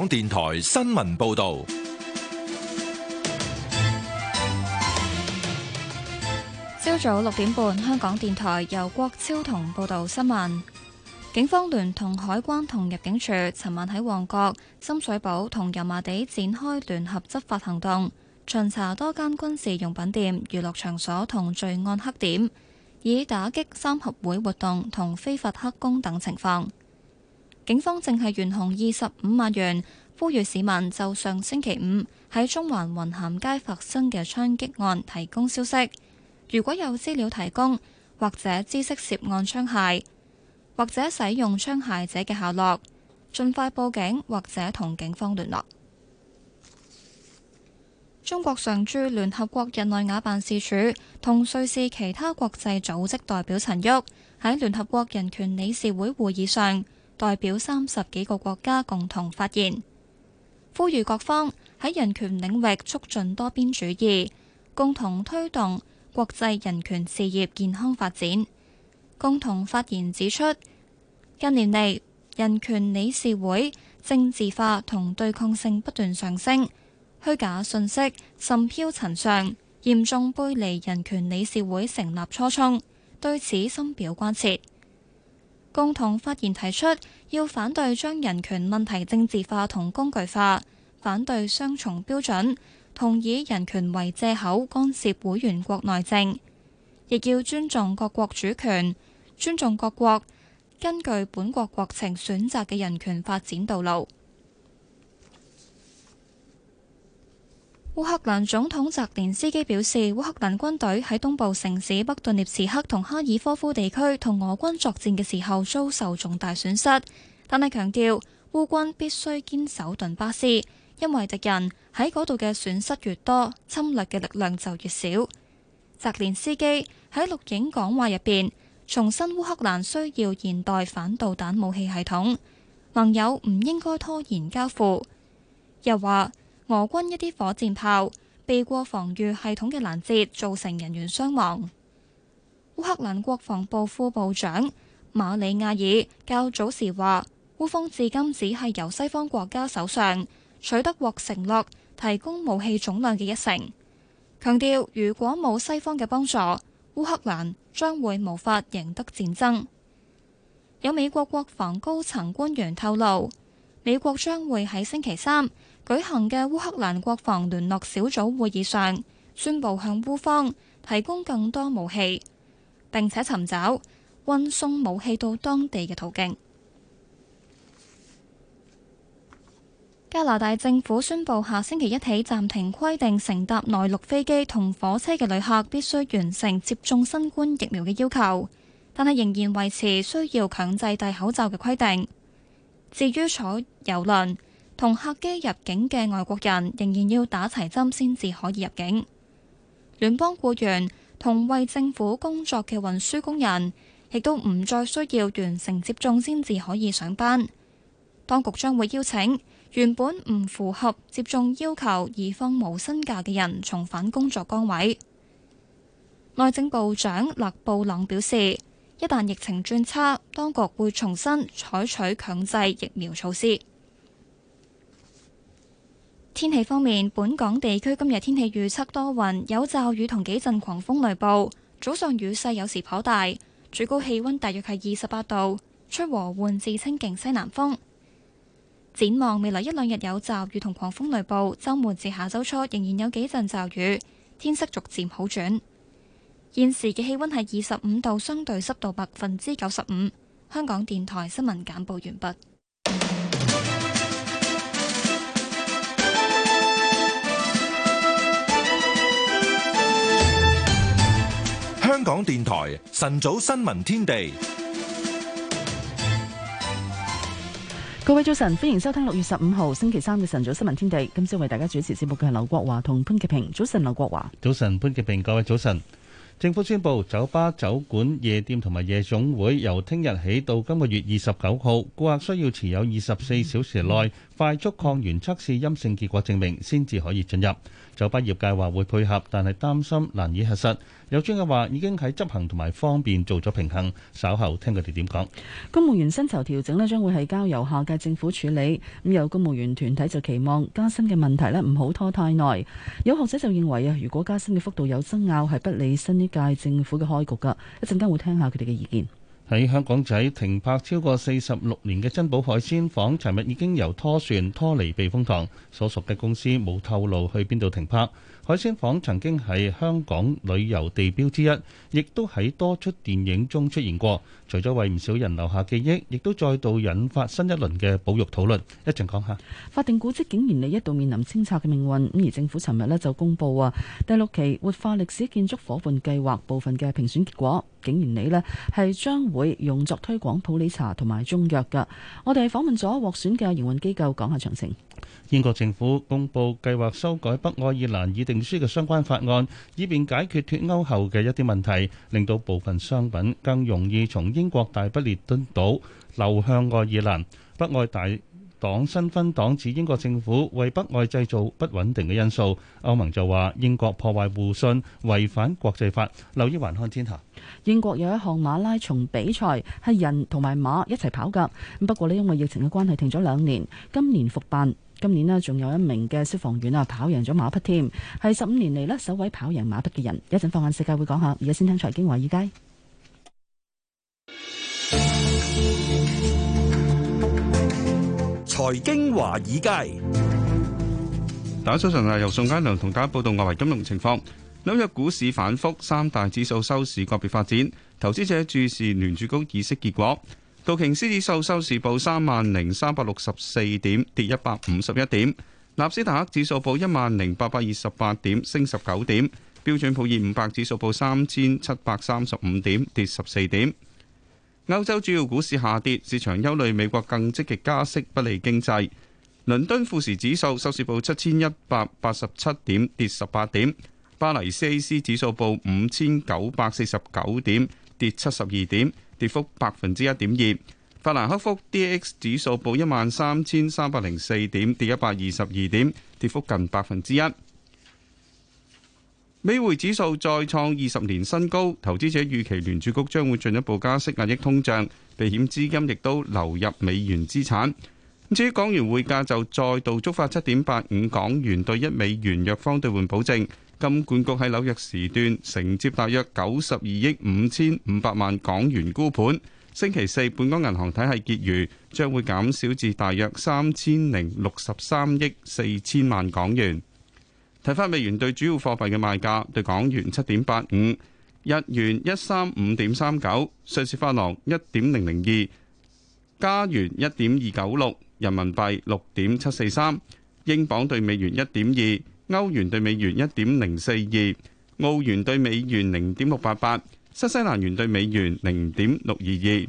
香港電台新聞報道：朝早六點半，香港電台由郭超同報道新聞。警方聯同海關同入境處，尋晚喺旺角、深水埗同油麻地展開聯合執法行動，巡查多間軍事用品店、娛樂場所同罪案黑點，以打擊三合會活動同非法黑工等情況。警方正係懸紅二十五萬元，呼籲市民就上星期五喺中環雲咸街發生嘅槍擊案提供消息。如果有資料提供或者知識涉案槍械或者使用槍械者嘅下落，盡快報警或者同警方聯絡。中國常駐聯合國日內瓦辦事處同瑞士其他國際組織代表陳旭喺聯合國人權理事會會,會議上。代表三十幾個國家共同發言，呼籲各方喺人權領域促進多邊主義，共同推動國際人權事業健康發展。共同發言指出，近年嚟人權理事會政治化同對抗性不斷上升，虛假信息甚囂塵上，嚴重背離人權理事會成立初衷，對此深表關切。共同發言提出，要反對將人權問題政治化同工具化，反對雙重標準，同以人權為藉口干涉會員國內政，亦要尊重各國主權，尊重各國根據本國國情選擇嘅人權發展道路。烏克蘭總統澤連斯基表示，烏克蘭軍隊喺東部城市北頓涅茨克同哈爾科夫地區同俄軍作戰嘅時候遭受重大損失，但係強調烏軍必須堅守頓巴斯，因為敵人喺嗰度嘅損失越多，侵略嘅力量就越少。澤連斯基喺錄影講話入邊重申，烏克蘭需要現代反導彈武器系統，盟友唔應該拖延交付。又話。俄軍一啲火箭炮避過防禦系統嘅攔截，造成人員傷亡。烏克蘭國防部副部長馬里亞爾較早時話，烏方至今只係由西方國家手上取得獲承諾提供武器總量嘅一成，強調如果冇西方嘅幫助，烏克蘭將會無法贏得戰爭。有美國國防高層官員透露，美國將會喺星期三。舉行嘅烏克蘭國防聯絡小組會議上，宣布向烏方提供更多武器，並且尋找運送武器到當地嘅途徑。加拿大政府宣布下星期一起暫停規定，乘搭內陸飛機同火車嘅旅客必須完成接種新冠疫苗嘅要求，但係仍然維持需要強制戴口罩嘅規定。至於坐郵輪同客機入境嘅外國人仍然要打齊針先至可以入境。聯邦雇員同為政府工作嘅運輸工人亦都唔再需要完成接種先至可以上班。當局將會邀請原本唔符合接種要求而放無薪假嘅人重返工作崗位。內政部長勒布朗表示，一旦疫情轉差，當局會重新採取強制疫苗措施。天氣方面，本港地區今日天氣預測多雲，有驟雨同幾陣狂風雷暴，早上雨勢有時頗大，最高氣溫大約係二十八度，吹和緩至清勁西南風。展望未來一兩日有驟雨同狂風雷暴，周末至下周初仍然有幾陣驟雨，天色逐漸好轉。現時嘅氣溫係二十五度，相對濕度百分之九十五。香港電台新聞簡報完畢。香港電台晨早新聞天地，各位早晨，歡迎收聽六月十五號星期三嘅晨早新聞天地。今朝為大家主持節目嘅係劉國華同潘潔平。早晨，劉國華，早晨，潘潔平，各位早晨。政府宣布，酒吧、酒館、夜店同埋夜總會由聽日起到今個月二十九號，顧客需要持有二十四小時內快速抗原測試陰性結果證明，先至可以進入。酒吧業界話會配合，但係擔心難以核實。有專家話已經喺執行同埋方便做咗平衡，稍後聽佢哋點講。公務員薪酬調整咧，將會係交由下屆政府處理。咁有公務員團體就期望加薪嘅問題咧，唔好拖太耐。有學者就認為啊，如果加薪嘅幅度有爭拗，係不利新一屆政府嘅開局噶。一陣間會聽下佢哋嘅意見。喺香港仔停泊超過四十六年嘅珍寶海鮮舫，尋日已經由拖船拖離避風塘，所屬嘅公司冇透露去邊度停泊。海鮮舫曾經係香港旅遊地標之一，亦都喺多齣電影中出現過。除咗為唔少人留下記憶，亦都再度引發新一輪嘅保育討論。一陣講下，法定古蹟景賢里一度面臨清拆嘅命運。咁而政府尋日呢就公布啊，第六期活化歷史建築伙伴計劃部分嘅評選結果，景賢里呢係將會用作推廣普洱茶同埋中藥㗎。我哋係訪問咗獲選嘅營運機構，講下詳情。英國政府公布計劃修改北愛爾蘭議定書嘅相關法案，以便解決脱歐後嘅一啲問題，令到部分商品更容易從英國大不列顛島流向愛爾蘭。北愛大黨新芬黨指英國政府為北愛製造不穩定嘅因素。歐盟就話英國破壞互信，違反國際法。留意《還看天下》。英國有一項馬拉松比賽係人同埋馬一齊跑㗎，咁不過呢，因為疫情嘅關係停咗兩年，今年復辦。今年咧，仲有一名嘅消防員啊，跑贏咗馬匹添，係十五年嚟咧，首位跑贏馬匹嘅人。一陣放眼世界會講下，而家先聽財經華爾街。財經華爾街，大家早晨啊！由宋佳良同大家報道外圍金融情況。紐約股市反復，三大指數收市個別發展，投資者注視聯儲局議息結果。道瓊斯指數收市報三萬零三百六十四點，跌一百五十一點；納斯達克指數報一萬零八百二十八點，升十九點；標準普爾五百指數報三千七百三十五點，跌十四點。歐洲主要股市下跌，市場憂慮美國更積極加息不利經濟。倫敦富時指數收市報七千一百八十七點，跌十八點；巴黎 CAC 指數報五千九百四十九點，跌七十二點。跌幅百分之一點二，法蘭克福 DAX 指數報一萬三千三百零四點，跌一百二十二點，跌幅近百分之一。美匯指數再創二十年新高，投資者預期聯儲局將會進一步加息壓抑通脹，避險資金亦都流入美元資產。至於港元匯價就再度觸發七點八五港元對一美元弱方兌換保證。金管局喺紐約時段承接大約九十二億五千五百萬港元沽盤，星期四本港銀行體系結餘將會減少至大約三千零六十三億四千萬港元。睇返美元兌主要貨幣嘅賣價，兌港元七點八五，日元一三五點三九，瑞士法郎一點零零二，加元一點二九六，人民幣六點七四三，英鎊兌美元一點二。歐元對美元一點零四二，澳元對美元零點六八八，新西蘭元對美元零點六二二。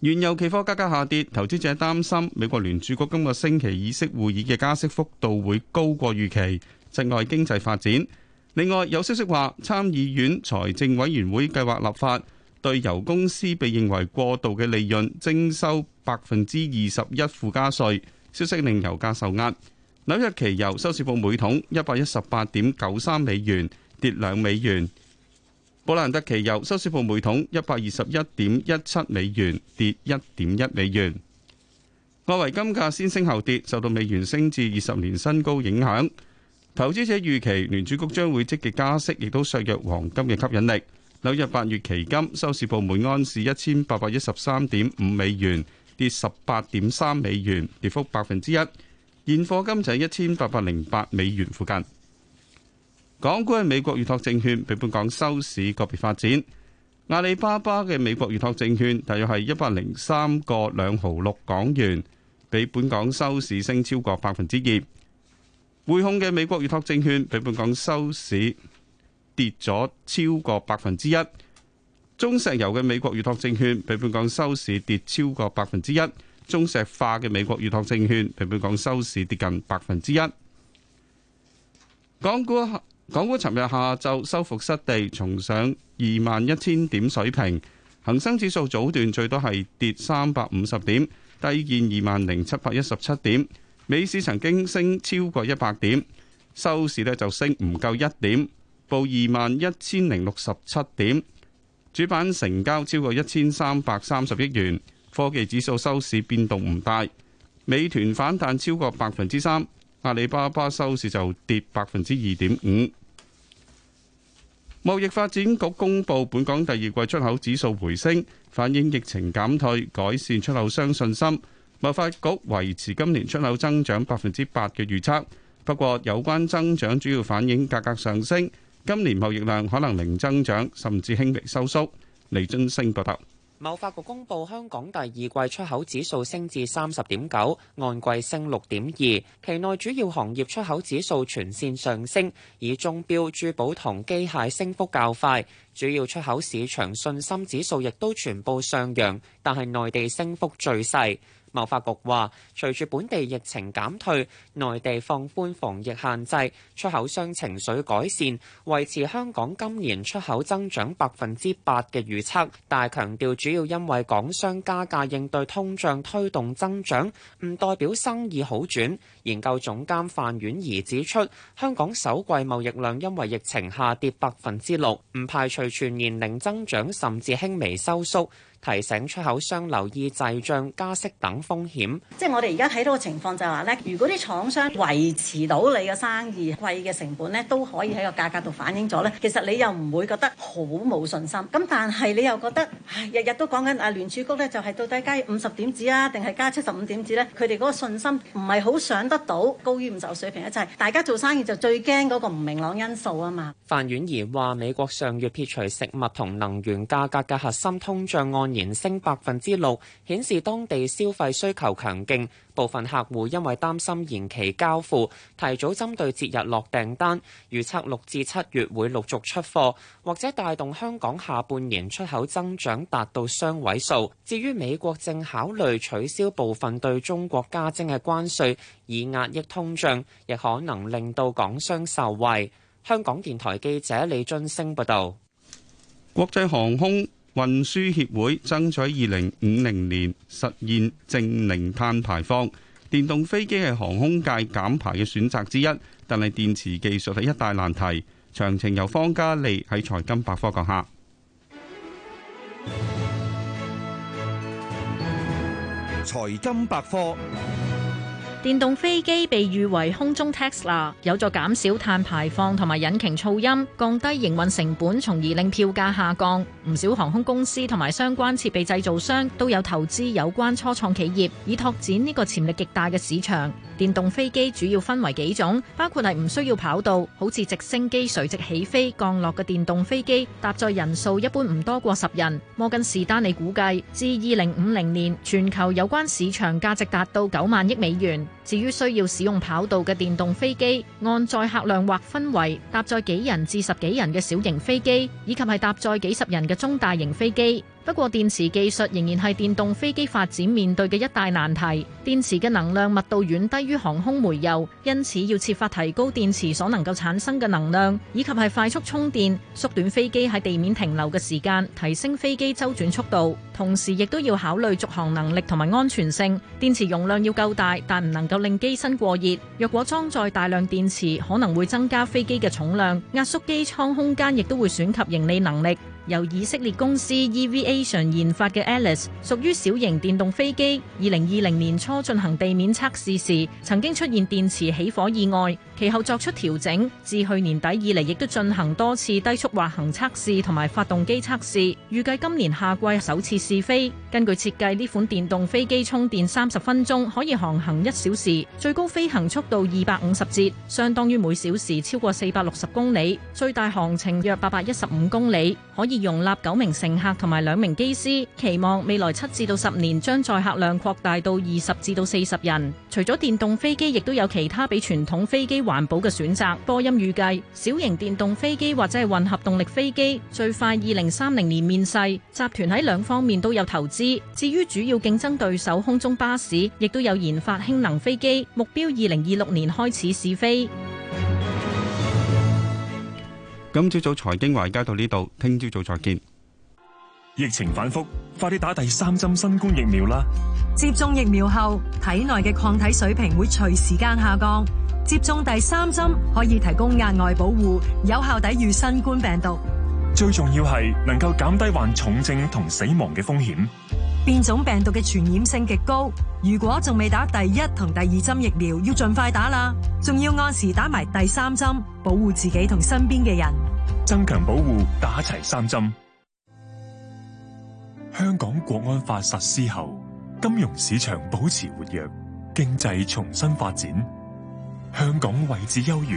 原油期貨價格下跌，投資者擔心美國聯儲局今個星期議息會議嘅加息幅度會高過預期，窒礙經濟發展。另外有消息話，參議院財政委員會計劃立法對油公司被認為過度嘅利潤徵收百分之二十一附加稅，消息令油價受壓。紐約期油收市報每桶一百一十八點九三美元，跌兩美元。布蘭特期油收市報每桶一百二十一點一七美元，跌一點一美元。外圍金價先升後跌，受到美元升至二十年新高影響。投資者預期聯儲局將會積極加息，亦都削弱黃金嘅吸引力。紐約八月期金收市報每安士一千八百一十三點五美元，跌十八點三美元，跌幅百分之一。現貨金就係一千八百零八美元附近。港股嘅美國預託證券比本港收市個別發展。阿里巴巴嘅美國預託證券大約係一百零三個兩毫六港元，比本港收市升超過百分之二。匯控嘅美國預託證券比本港收市跌咗超過百分之一。中石油嘅美國預託證券比本港收市跌超過百分之一。中石化嘅美國預託證券，平平講收市跌近百分之一。港股，港股尋日下晝收復失地，重上二萬一千點水平。恒生指數早段最多係跌三百五十點，低見二萬零七百一十七點。尾市曾經升超過一百點，收市咧就升唔夠一點，報二萬一千零六十七點。主板成交超過一千三百三十億元。科技指數收市變動唔大，美團反彈超過百分之三，阿里巴巴收市就跌百分之二點五。貿易發展局公布本港第二季出口指數回升，反映疫情減退，改善出口商信心。貿發局維持今年出口增長百分之八嘅預測，不過有關增長主要反映價格上升，今年貿易量可能零增長，甚至輕微收縮。李津升報道。貿發局公布香港第二季出口指數升至三十點九，按季升六點二。期內主要行業出口指數全線上升，以鐘錶、珠寶同機械升幅較快。主要出口市場信心指數亦都全部上揚，但係內地升幅最細。貿發局話，隨住本地疫情減退，內地放寬防疫限制，出口商情緒改善，維持香港今年出口增長百分之八嘅預測，但係強調主要因為港商加價應對通脹推動增長，唔代表生意好轉。研究總監范婉兒指出，香港首季貿易量因為疫情下跌百分之六，唔排除全年零增長甚至輕微收縮。提醒出口商留意滯脹加息等風險，即係我哋而家睇到嘅情況就係話咧，如果啲廠商維持到你嘅生意，貴嘅成本咧，都可以喺個價格度反映咗咧，其實你又唔會覺得好冇信心。咁但係你又覺得，日日都講緊啊聯儲局咧，就係到底加五十點子啊，定係加七十五點子咧？佢哋嗰個信心唔係好想得到高於五十水平，一齊大家做生意就最驚嗰個唔明朗因素啊嘛。范婉兒話美國上月撇除食物同能源價格嘅核心通脹案。年升百分之六，顯示當地消費需求強勁，部分客戶因為擔心延期交付，提早針對節日落訂單，預測六至七月會陸續出貨，或者帶動香港下半年出口增長達到雙位數。至於美國正考慮取消部分對中國加徵嘅關稅，以壓抑通脹，亦可能令到港商受惠。香港電台記者李俊升報道。國際航空。運輸協會爭取二零五零年實現正零碳排放。電動飛機係航空界減排嘅選擇之一，但係電池技術係一大難題。詳情由方嘉利喺財金百科講下。財金百科。電動飛機被譽為空中 Tesla，有助減少碳排放同埋引擎噪音，降低營運成本，從而令票價下降。唔少航空公司同埋相關設備製造商都有投資有關初創企業，以拓展呢個潛力極大嘅市場。電動飛機主要分為幾種，包括係唔需要跑道，好似直升機垂直起飛降落嘅電動飛機，搭載人數一般唔多過十人。摩根士丹利估計，至二零五零年全球有關市場價值達到九萬億美元。至於需要使用跑道嘅電動飛機，按載客量劃分為搭載幾人至十幾人嘅小型飛機，以及係搭載幾十人嘅中大型飛機。不過，電池技術仍然係電動飛機發展面對嘅一大難題。電池嘅能量密度遠低於航空煤油，因此要設法提高電池所能夠產生嘅能量，以及係快速充電，縮短飛機喺地面停留嘅時間，提升飛機周轉速度。同時，亦都要考慮續航能力同埋安全性。電池容量要夠大，但唔能夠令機身過熱。若果裝載大量電池，可能會增加飛機嘅重量，壓縮機艙空間，亦都會損及盈利能力。由以色列公司 Eviation 研發嘅 Alice 屬於小型電動飛機，二零二零年初進行地面測試時，曾經出現電池起火意外。其後作出調整，自去年底以嚟亦都進行多次低速滑行測試同埋發動機測試，預計今年夏季首次試飛。根據設計，呢款電動飛機充電三十分鐘可以航行一小時，最高飛行速度二百五十節，相當於每小時超過四百六十公里，最大航程約八百一十五公里，可以容納九名乘客同埋兩名機師。期望未來七至到十年將載客量擴大到二十至到四十人。除咗電動飛機，亦都有其他比傳統飛機環保嘅選擇，波音預計小型電動飛機或者係混合動力飛機最快二零三零年面世。集團喺兩方面都有投資。至於主要競爭對手空中巴士，亦都有研發氫能飛機，目標二零二六年開始試飛。今朝早財經匯街到呢度，聽朝早再見。疫情反覆，快啲打第三針新冠疫苗啦！接種疫苗後，體內嘅抗體水平會隨時間下降。接種第三針可以提供額外保護，有效抵禦新冠病毒。最重要係能夠減低患重症同死亡嘅風險。變種病毒嘅傳染性極高，如果仲未打第一同第二針疫苗，要盡快打啦！仲要按時打埋第三針，保護自己同身邊嘅人，增強保護，打齊三針。香港國安法實施後，金融市場保持活躍，經濟重新發展。香港位置優越，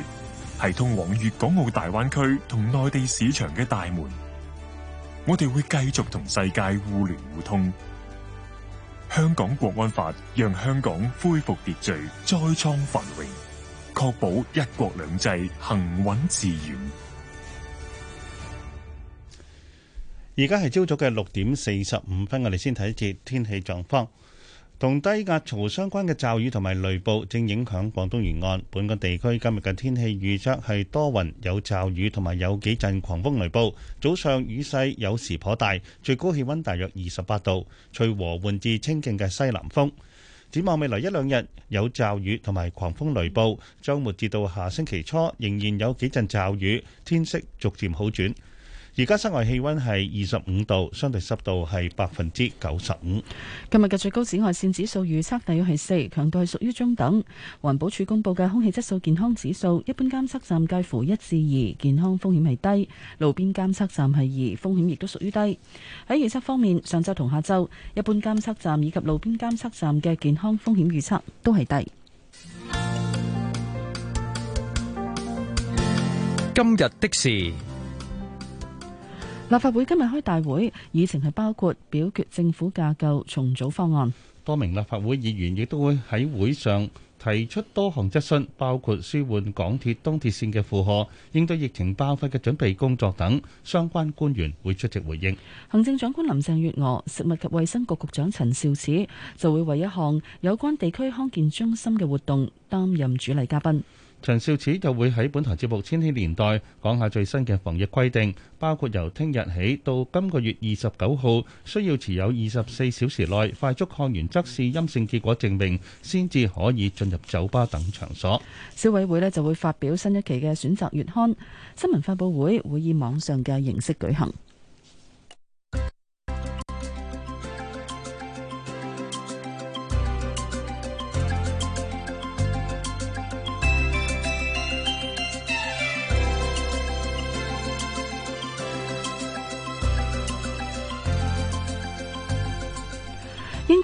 係通往粵港澳大灣區同內地市場嘅大門。我哋會繼續同世界互聯互通。香港國安法讓香港恢復秩序，再創繁榮，確保一國兩制行穩致遠。而家係朝早嘅六點四十五分，我哋先睇一節天氣狀況。同低壓槽相關嘅驟雨同埋雷暴正影響廣東沿岸。本港地區今日嘅天氣預測係多雲，有驟雨同埋有幾陣狂風雷暴。早上雨勢有時頗大，最高氣溫大約二十八度，吹和緩至清勁嘅西南風。展望未來一兩日有驟雨同埋狂風雷暴，周末至到下星期初仍然有幾陣驟雨，天色逐漸好轉。而家室外氣溫係二十五度，相對濕度係百分之九十五。今日嘅最高紫外線指數預測大約係四，強度係屬於中等。環保署公佈嘅空氣質素健康指數，一般監測站介乎一至二，健康風險係低；路邊監測站係二，風險亦都屬於低。喺預測方面，上週同下週，一般監測站以及路邊監測站嘅健康風險預測都係低。今日的事。立法會今日開大會，議程係包括表決政府架構重組方案。多名立法會議員亦都會喺會上提出多項質詢，包括舒緩港鐵東鐵綫嘅負荷、應對疫情爆發嘅準備工作等。相關官員會出席回應。行政長官林鄭月娥、食物及衛生局局長陳肇始就會為一項有關地區康健中心嘅活動擔任主禮嘉賓。陳肇始就會喺本台節目《千禧年代》講下最新嘅防疫規定，包括由聽日起到今個月二十九號，需要持有二十四小時內快速抗原測試陰性結果證明，先至可以進入酒吧等場所。消委會呢就會發表新一期嘅選擇月刊，新聞發布會會以網上嘅形式舉行。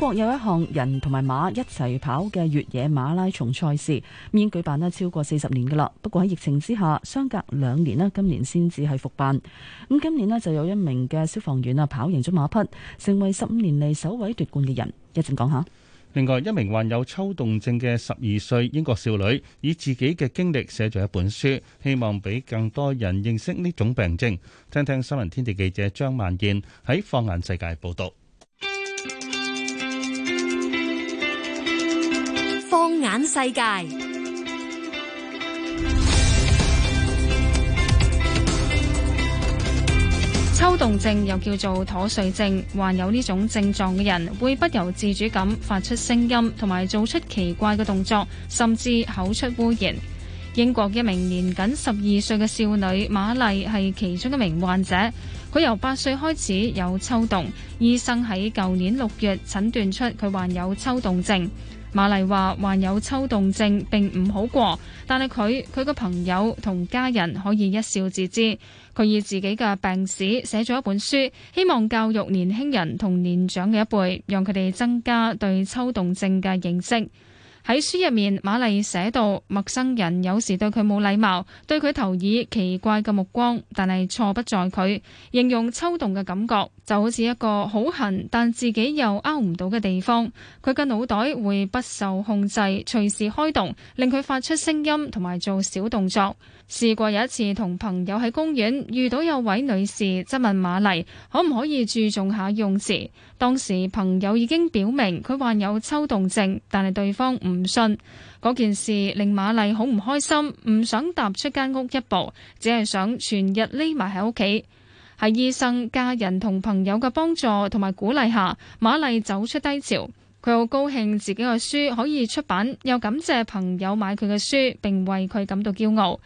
英國有一項人同埋馬一齊跑嘅越野馬拉松賽事，已經舉辦啦超過四十年噶啦。不過喺疫情之下，相隔兩年啦，今年先至係復辦。咁今年呢就有一名嘅消防員啊跑贏咗馬匹，成為十五年嚟首位奪冠嘅人。一陣講下。另外一名患有抽動症嘅十二歲英國少女，以自己嘅經歷寫咗一本書，希望俾更多人認識呢種病症。聽聽新聞天地記者張萬燕喺放眼世界報道。眼世界抽動症又叫做妥瑞症，患有呢種症狀嘅人會不由自主咁發出聲音，同埋做出奇怪嘅動作，甚至口出污言。英國一名年僅十二歲嘅少女瑪麗係其中一名患者，佢由八歲開始有抽動，醫生喺舊年六月診斷出佢患有抽動症。瑪麗話：患有抽動症並唔好過，但係佢佢嘅朋友同家人可以一笑置之。佢以自己嘅病史寫咗一本書，希望教育年輕人同年長嘅一輩，讓佢哋增加對抽動症嘅認識。喺書入面，瑪麗寫到：陌生人有時對佢冇禮貌，對佢投以奇怪嘅目光，但係錯不在佢。形容抽動嘅感覺就好似一個好痕，但自己又拗唔到嘅地方。佢嘅腦袋會不受控制，隨時開動，令佢發出聲音同埋做小動作。試過有一次同朋友喺公園遇到有位女士質問馬麗，可唔可以注重下用詞？當時朋友已經表明佢患有抽動症，但係對方唔信。嗰件事令馬麗好唔開心，唔想踏出間屋一步，只係想全日匿埋喺屋企。喺醫生、家人同朋友嘅幫助同埋鼓勵下，馬麗走出低潮。佢好高興自己嘅書可以出版，又感謝朋友買佢嘅書，並為佢感到驕傲。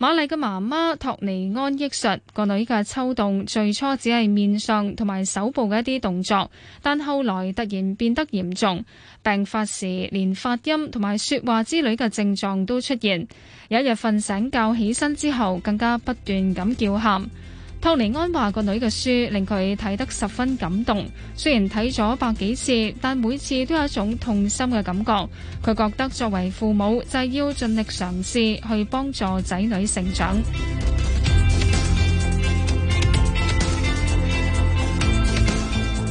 瑪麗嘅媽媽托尼安憶述，個女嘅抽動最初只係面上同埋手部嘅一啲動作，但後來突然變得嚴重。病發時連發音同埋說話之類嘅症狀都出現。有一日瞓醒覺起身之後，更加不斷咁叫喊。托尼安話：個女嘅書令佢睇得十分感動，雖然睇咗百幾次，但每次都有一種痛心嘅感覺。佢覺得作為父母，就係要盡力嘗試去幫助仔女成長。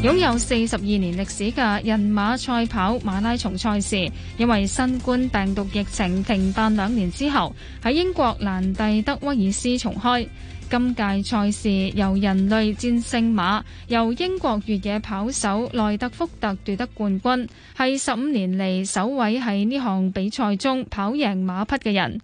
擁 有四十二年歷史嘅人馬賽跑馬拉松賽事，因為新冠病毒疫情停辦兩年之後，喺英國蘭蒂德威爾斯重開。今屆賽事由人類戰勝馬，由英國越野跑手內德福特奪得冠軍，係十五年嚟首位喺呢項比賽中跑贏馬匹嘅人。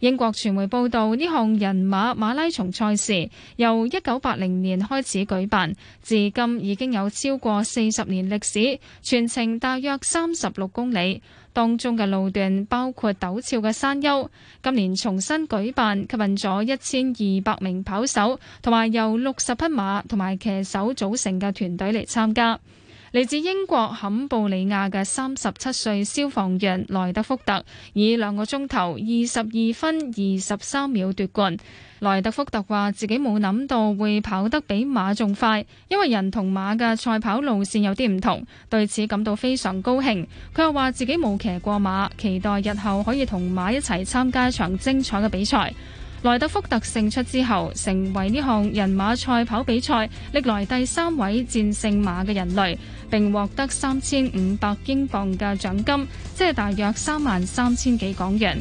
英國傳媒報道，呢項人馬馬拉松賽事由一九八零年開始舉辦，至今已經有超過四十年歷史，全程大約三十六公里。當中嘅路段包括陡峭嘅山丘，今年重新舉辦，吸引咗一千二百名跑手同埋由六十匹馬同埋騎手組成嘅團隊嚟參加。嚟自英國坎布里亞嘅三十七歲消防員萊德福特，以兩個鐘頭二十二分二十三秒奪冠。萊特福特話自己冇諗到會跑得比馬仲快，因為人同馬嘅賽跑路線有啲唔同，對此感到非常高興。佢又話自己冇騎過馬，期待日後可以同馬一齊參加一場精彩嘅比賽。萊特福特勝出之後，成為呢項人馬賽跑比賽歷來第三位戰勝馬嘅人類，並獲得三千五百英鎊嘅獎金，即係大約三萬三千幾港元。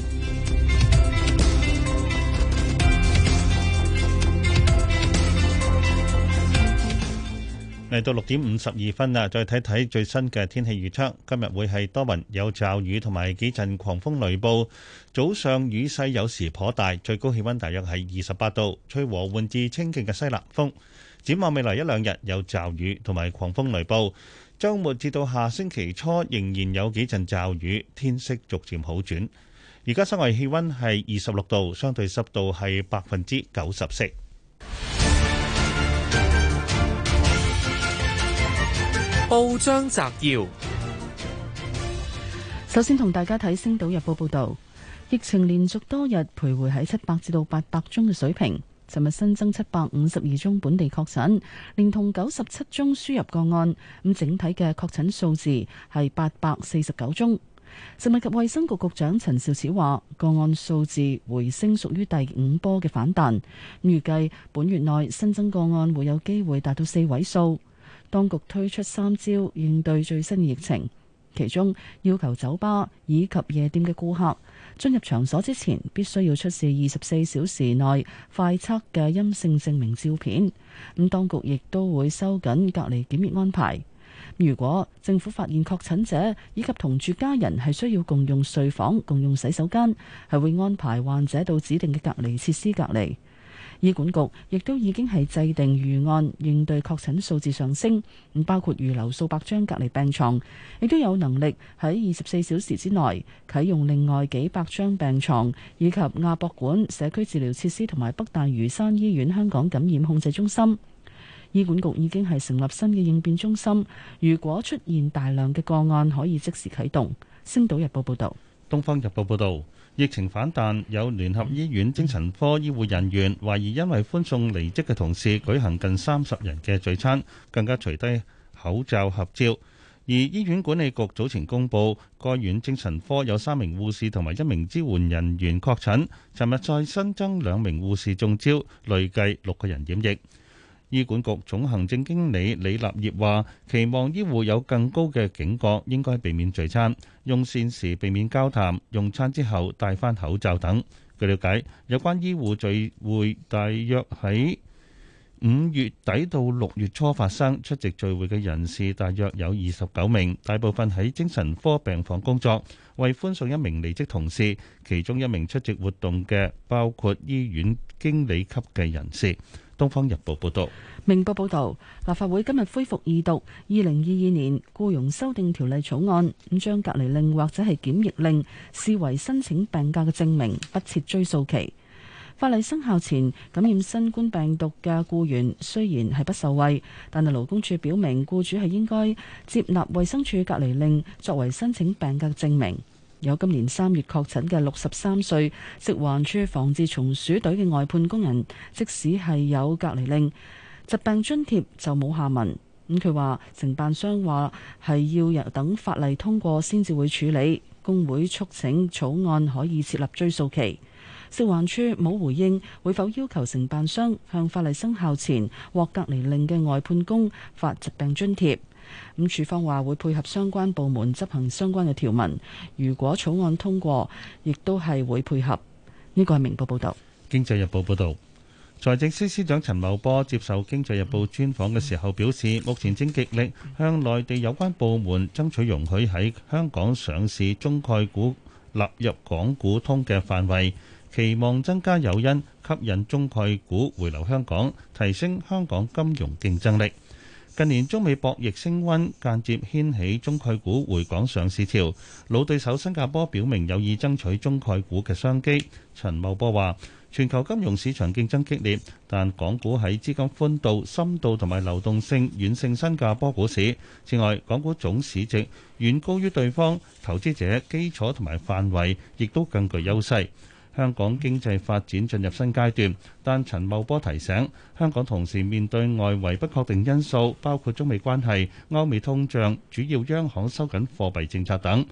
嚟到六點五十二分啦，再睇睇最新嘅天氣預測。今日會係多雲有驟雨同埋幾陣狂風雷暴，早上雨勢有時頗大，最高氣温大約係二十八度，吹和緩至清勁嘅西南風。展望未來一兩日有驟雨同埋狂風雷暴，周末至到下星期初仍然有幾陣驟雨，天色逐漸好轉。而家室外氣温係二十六度，相對濕度係百分之九十四。報章摘要：首先同大家睇《星島日報》報道，疫情連續多日徘徊喺七百至到八百宗嘅水平。尋日新增七百五十二宗本地確診，連同九十七宗輸入個案，咁整體嘅確診數字係八百四十九宗。食物及衛生局局長陳肇始話，個案數字回升屬於第五波嘅反彈，預計本月內新增個案會有機會達到四位數。當局推出三招應對最新疫情，其中要求酒吧以及夜店嘅顧客進入場所之前必須要出示二十四小時內快測嘅陰性證明照片。咁當局亦都會收緊隔離檢疫安排。如果政府發現確診者以及同住家人係需要共用睡房、共用洗手間，係會安排患者到指定嘅隔離設施隔離。醫管局亦都已經係制定預案應對確診數字上升，唔包括預留數百張隔離病床。亦都有能力喺二十四小時之內啟用另外幾百張病床，以及亞博館社區治療設施同埋北大嶼山醫院香港感染控制中心。醫管局已經係成立新嘅應變中心，如果出現大量嘅個案，可以即時啟動。星島日報報道。東方日報報道。疫情反彈，有聯合醫院精神科醫護人員懷疑因為歡送離職嘅同事舉行近三十人嘅聚餐，更加除低口罩合照。而醫院管理局早前公布，該院精神科有三名護士同埋一名支援人員確診，尋日再新增兩名護士中招，累計六個人染疫。醫管局總行政經理李立業話，期望醫護有更高嘅警覺，應該避免聚餐，用膳時避免交談，用餐之後戴翻口罩等。據了解，有關醫護聚會大約喺五月底到六月初發生，出席聚會嘅人士大約有二十九名，大部分喺精神科病房工作，為歡送一名離職同事，其中一名出席活動嘅包括醫院經理級嘅人士。《東方日報》報導，《明報》報導，立法會今日恢復二讀《二零二二年僱傭修訂條例草案》，咁將隔離令或者係檢疫令視為申請病假嘅證明，不設追訴期。法例生效前感染新冠病毒嘅僱員雖然係不受惠，但係勞工處表明，僱主係應該接納衛生署隔離令作為申請病假嘅證明。有今年三月確診嘅六十三歲，食環署防治松鼠隊嘅外判工人，即使係有隔離令，疾病津貼就冇下文。咁佢話承辦商話，係要等法例通過先至會處理。工會促請草案可以設立追溯期。食環署冇回應會否要求承辦商向法例生效前獲隔離令嘅外判工發疾病津貼。嗯，咁署方話會配合相關部門執行相關嘅條文，如果草案通過，亦都係會配合。呢個係明報報道，《經濟日報》報道，財政司司長陳茂波接受《經濟日報》專訪嘅時候表示，目前正極力向內地有關部門爭取容許喺香港上市中概股納入港股通嘅範圍，期望增加誘因，吸引中概股回流香港，提升香港金融競爭力。近年中美博弈升溫，間接掀起中概股回港上市潮。老對手新加坡表明有意爭取中概股嘅商機，陳茂波話全球金融市場競爭激烈，但港股喺資金寬度、深度同埋流動性遠勝新加坡股市。此外，港股總市值遠高於對方，投資者基礎同埋範圍亦都更具優勢。香港經濟發展進入新階段，但陳茂波提醒，香港同時面對外圍不確定因素，包括中美關係、歐美通脹、主要央行收緊貨幣政策等。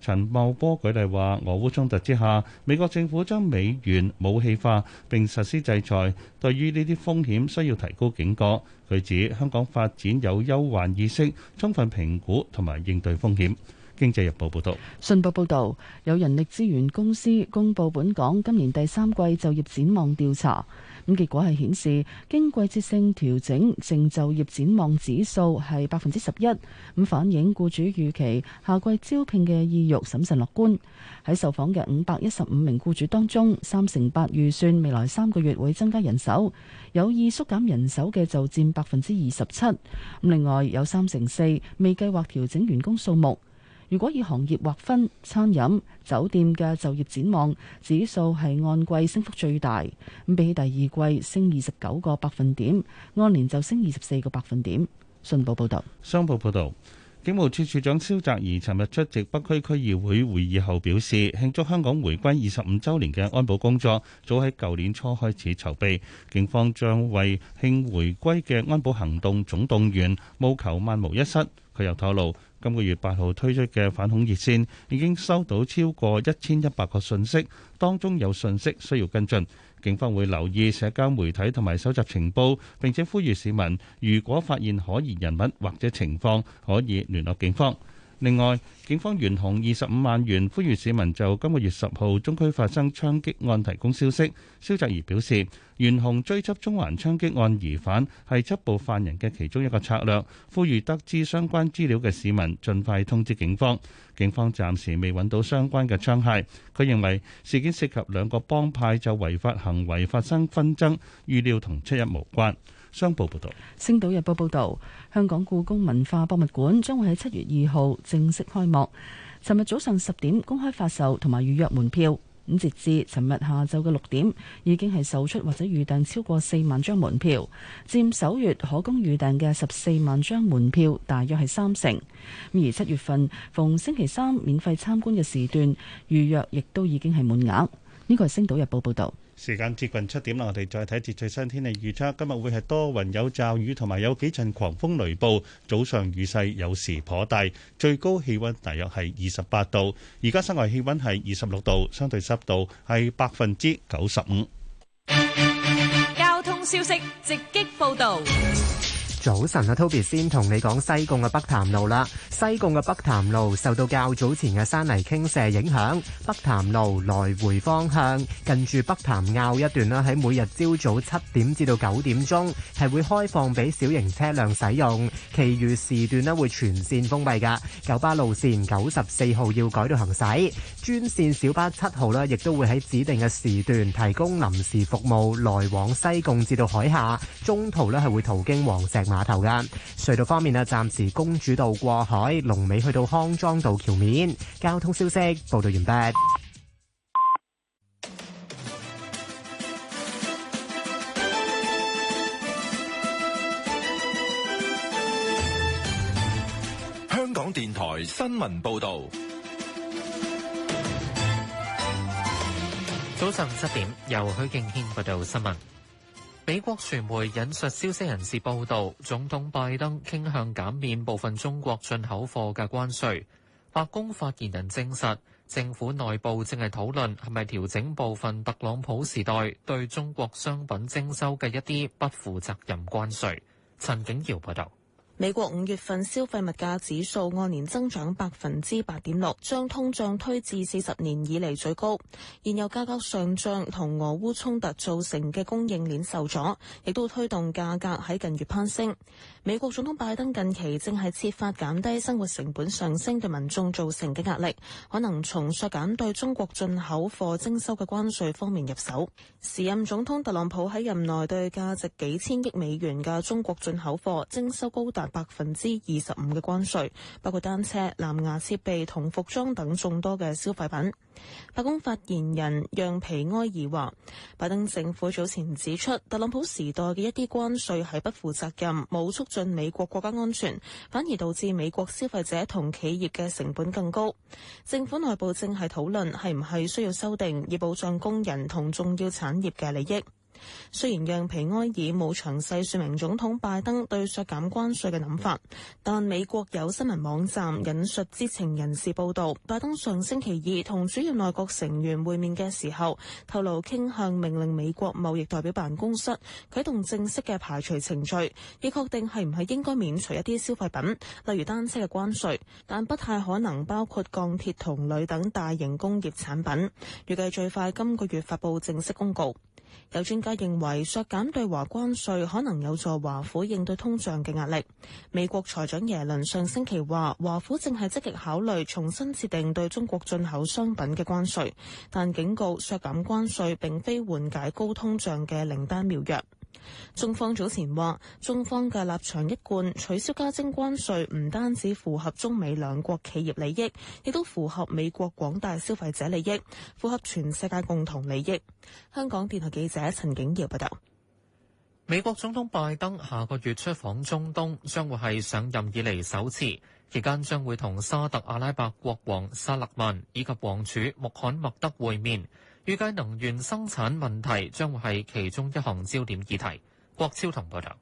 陳茂波舉例話，俄烏衝突之下，美國政府將美元武器化並實施制裁，對於呢啲風險需要提高警覺。佢指香港發展有憂患意識，充分評估同埋應對風險。經濟日報報道，信報報道，有人力資源公司公布本港今年第三季就業展望調查，咁、嗯、結果係顯示，經季節性調整，淨就業展望指數係百分之十一，咁、嗯、反映雇主預期下季招聘嘅意欲審慎樂觀。喺受訪嘅五百一十五名雇主當中，三成八預算未來三個月會增加人手，有意縮減人手嘅就佔百分之二十七。咁、嗯、另外有三成四未計劃調整員工數目。如果以行業劃分，餐飲、酒店嘅就業展望指數係按季升幅最大，咁比起第二季升二十九個百分點，按年就升二十四個百分點。信報報道，商報報道，警務處處長蕭澤頤尋日出席北區區議會會議後表示，慶祝香港回歸二十五週年嘅安保工作早喺舊年初開始籌備，警方將為慶回歸嘅安保行動總動員，務求萬無一失。佢又透露，今個月八號推出嘅反恐熱線已經收到超過一千一百個信息，當中有信息需要跟進，警方會留意社交媒體同埋搜集情報，並且呼籲市民如果發現可疑人物或者情況，可以聯絡警方。另外，警方懸紅二十五萬元，呼籲市民就今個月十號中區發生槍擊案提供消息。蕭澤頤表示，懸紅追緝中環槍擊案疑犯係緝捕犯人嘅其中一個策略，呼籲得知相關資料嘅市民盡快通知警方。警方暫時未揾到相關嘅槍械。佢認為事件涉及兩個幫派就違法行為發生紛爭，預料同七一無關。商報報道，《星島日報》報道，香港故宮文化博物館將會喺七月二號正式開幕。尋日早上十點公開發售同埋預約門票，咁截至尋日下晝嘅六點，已經係售出或者預訂超過四萬張門票，佔首月可供預訂嘅十四萬張門票大約係三成。咁而七月份逢星期三免費參觀嘅時段，預約亦都已經係滿額。呢個係《星島日報》報道。時間接近七點啦，我哋再睇節最新天氣預測。今日會係多雲有驟雨，同埋有幾陣狂風雷暴。早上雨勢有時頗大，最高氣温大約係二十八度。而家室外氣温係二十六度，相對濕度係百分之九十五。交通消息直擊報導。早晨啊，Toby 先同你講西貢嘅北潭路啦。西貢嘅北潭路受到較早前嘅山泥傾瀉影響，北潭路來回方向近住北潭坳一段啦，喺每日朝早七點至到九點鐘係會開放俾小型車輛使用，其餘時段咧會全線封閉噶。九巴路線九十四號要改道行駛，專線小巴七號咧亦都會喺指定嘅時段提供臨時服務，來往西貢至到海下，中途咧係會途經黃石。碼頭噶隧道方面啊，暫時公主道過海，龍尾去到康莊道橋面。交通消息報道完畢。香港電台新聞報道。早上七點，由許敬軒報道新聞。美國傳媒引述消息人士報道，總統拜登傾向減免部分中國進口貨嘅關稅。白宮發言人證實政府內部正係討論係咪調整部分特朗普時代對中國商品徵收嘅一啲不負責任關稅。陳景耀報道。美國五月份消費物價指數按年增長百分之八點六，將通脹推至四十年以嚟最高。現有價格上漲同俄烏衝突造成嘅供應鏈受阻，亦都推動價格喺近月攀升。美國總統拜登近期正喺設法減低生活成本上升對民眾造成嘅壓力，可能從削減對中國進口貨徵收嘅關稅方面入手。時任總統特朗普喺任內對價值幾千億美元嘅中國進口貨徵收高達百分之二十五嘅關稅，包括單車、藍牙設備同服裝等眾多嘅消費品。白宮發言人讓皮埃爾話拜登政府早前指出，特朗普時代嘅一啲關稅係不負責任，冇促進美國國家安全，反而導致美國消費者同企業嘅成本更高。政府內部正係討論係唔係需要修訂以保障工人同重要產業嘅利益。雖然讓皮埃爾冇詳細說明總統拜登對削減關稅嘅諗法，但美國有新聞網站引述知情人士報道，拜登上星期二同主要內閣成員會面嘅時候，透露傾向命令美國貿易代表辦公室啟動正式嘅排除程序，以確定係唔係應該免除一啲消費品，例如單車嘅關稅，但不太可能包括鋼鐵同鋁等大型工業產品。預計最快今個月發佈正式公告。有專家認為，削減對華關稅可能有助華府應對通脹嘅壓力。美國財長耶倫上星期話，華府正係積極考慮重新設定對中國進口商品嘅關稅，但警告削減關稅並非緩解高通脹嘅靈丹妙藥。中方早前話，中方嘅立場一貫取消加徵關稅，唔單止符合中美兩國企業利益，亦都符合美國廣大消費者利益，符合全世界共同利益。香港電台記者陳景瑤報道。美國總統拜登下個月出訪中東，將會係上任以嚟首次，期間將會同沙特阿拉伯國王薩勒曼以及王儲穆罕默德會面。預計能源生產問題將會係其中一項焦點議題，郭超同報道。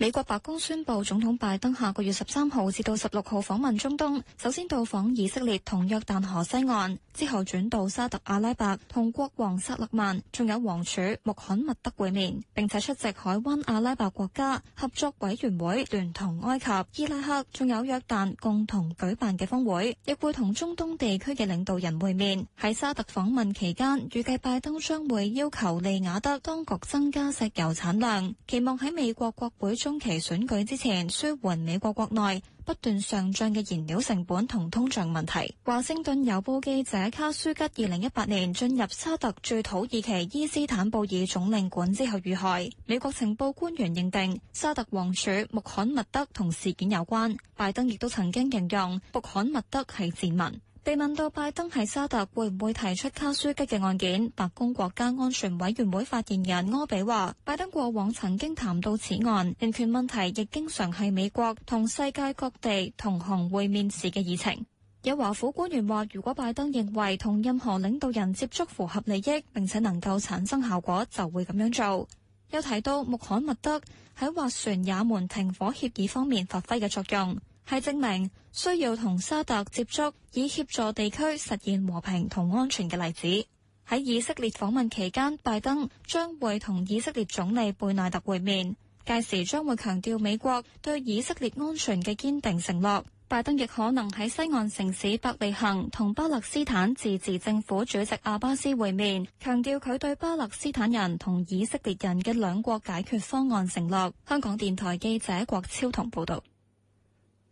美國白宮宣布，總統拜登下個月十三號至到十六號訪問中東，首先到訪以色列同約旦河西岸，之後轉到沙特阿拉伯同國王薩勒曼，仲有王儲穆罕默德會面，並且出席海灣阿拉伯國家合作委員會聯同埃及、伊拉克仲有約旦共同舉辦嘅峰會，亦會同中東地區嘅領導人會面。喺沙特訪問期間，預計拜登將會要求利雅德當局增加石油產量，期望喺美國國會。中期選舉之前，舒緩美國國內不斷上漲嘅燃料成本同通脹問題，華盛頓郵報記者卡舒吉二零一八年進入沙特駐土耳其伊斯坦布爾總領館之後遇害，美國情報官員認定沙特王儲穆罕默德同事件有關，拜登亦都曾經形容穆罕默德係賤民。被問到拜登喺沙特會唔會提出卡舒吉嘅案件，白宮國家安全委員會發言人柯比話：拜登過往曾經談到此案，人權問題亦經常係美國同世界各地同行會面時嘅議程。有華府官員話：如果拜登認為同任何領導人接觸符合利益並且能夠產生效果，就會咁樣做。又提到穆罕默德喺斡旋也門停火協議方面發揮嘅作用，係證明需要同沙特接觸以協助地區實現和平同安全嘅例子。喺以色列訪問期間，拜登將會同以色列總理貝奈特會面，屆時將會強調美國對以色列安全嘅堅定承諾，拜登亦可能喺西岸城市伯利恆同巴勒斯坦自治政府主席阿巴斯會面，強調佢對巴勒斯坦人同以色列人嘅兩國解決方案承諾，香港電台記者郭超同報道。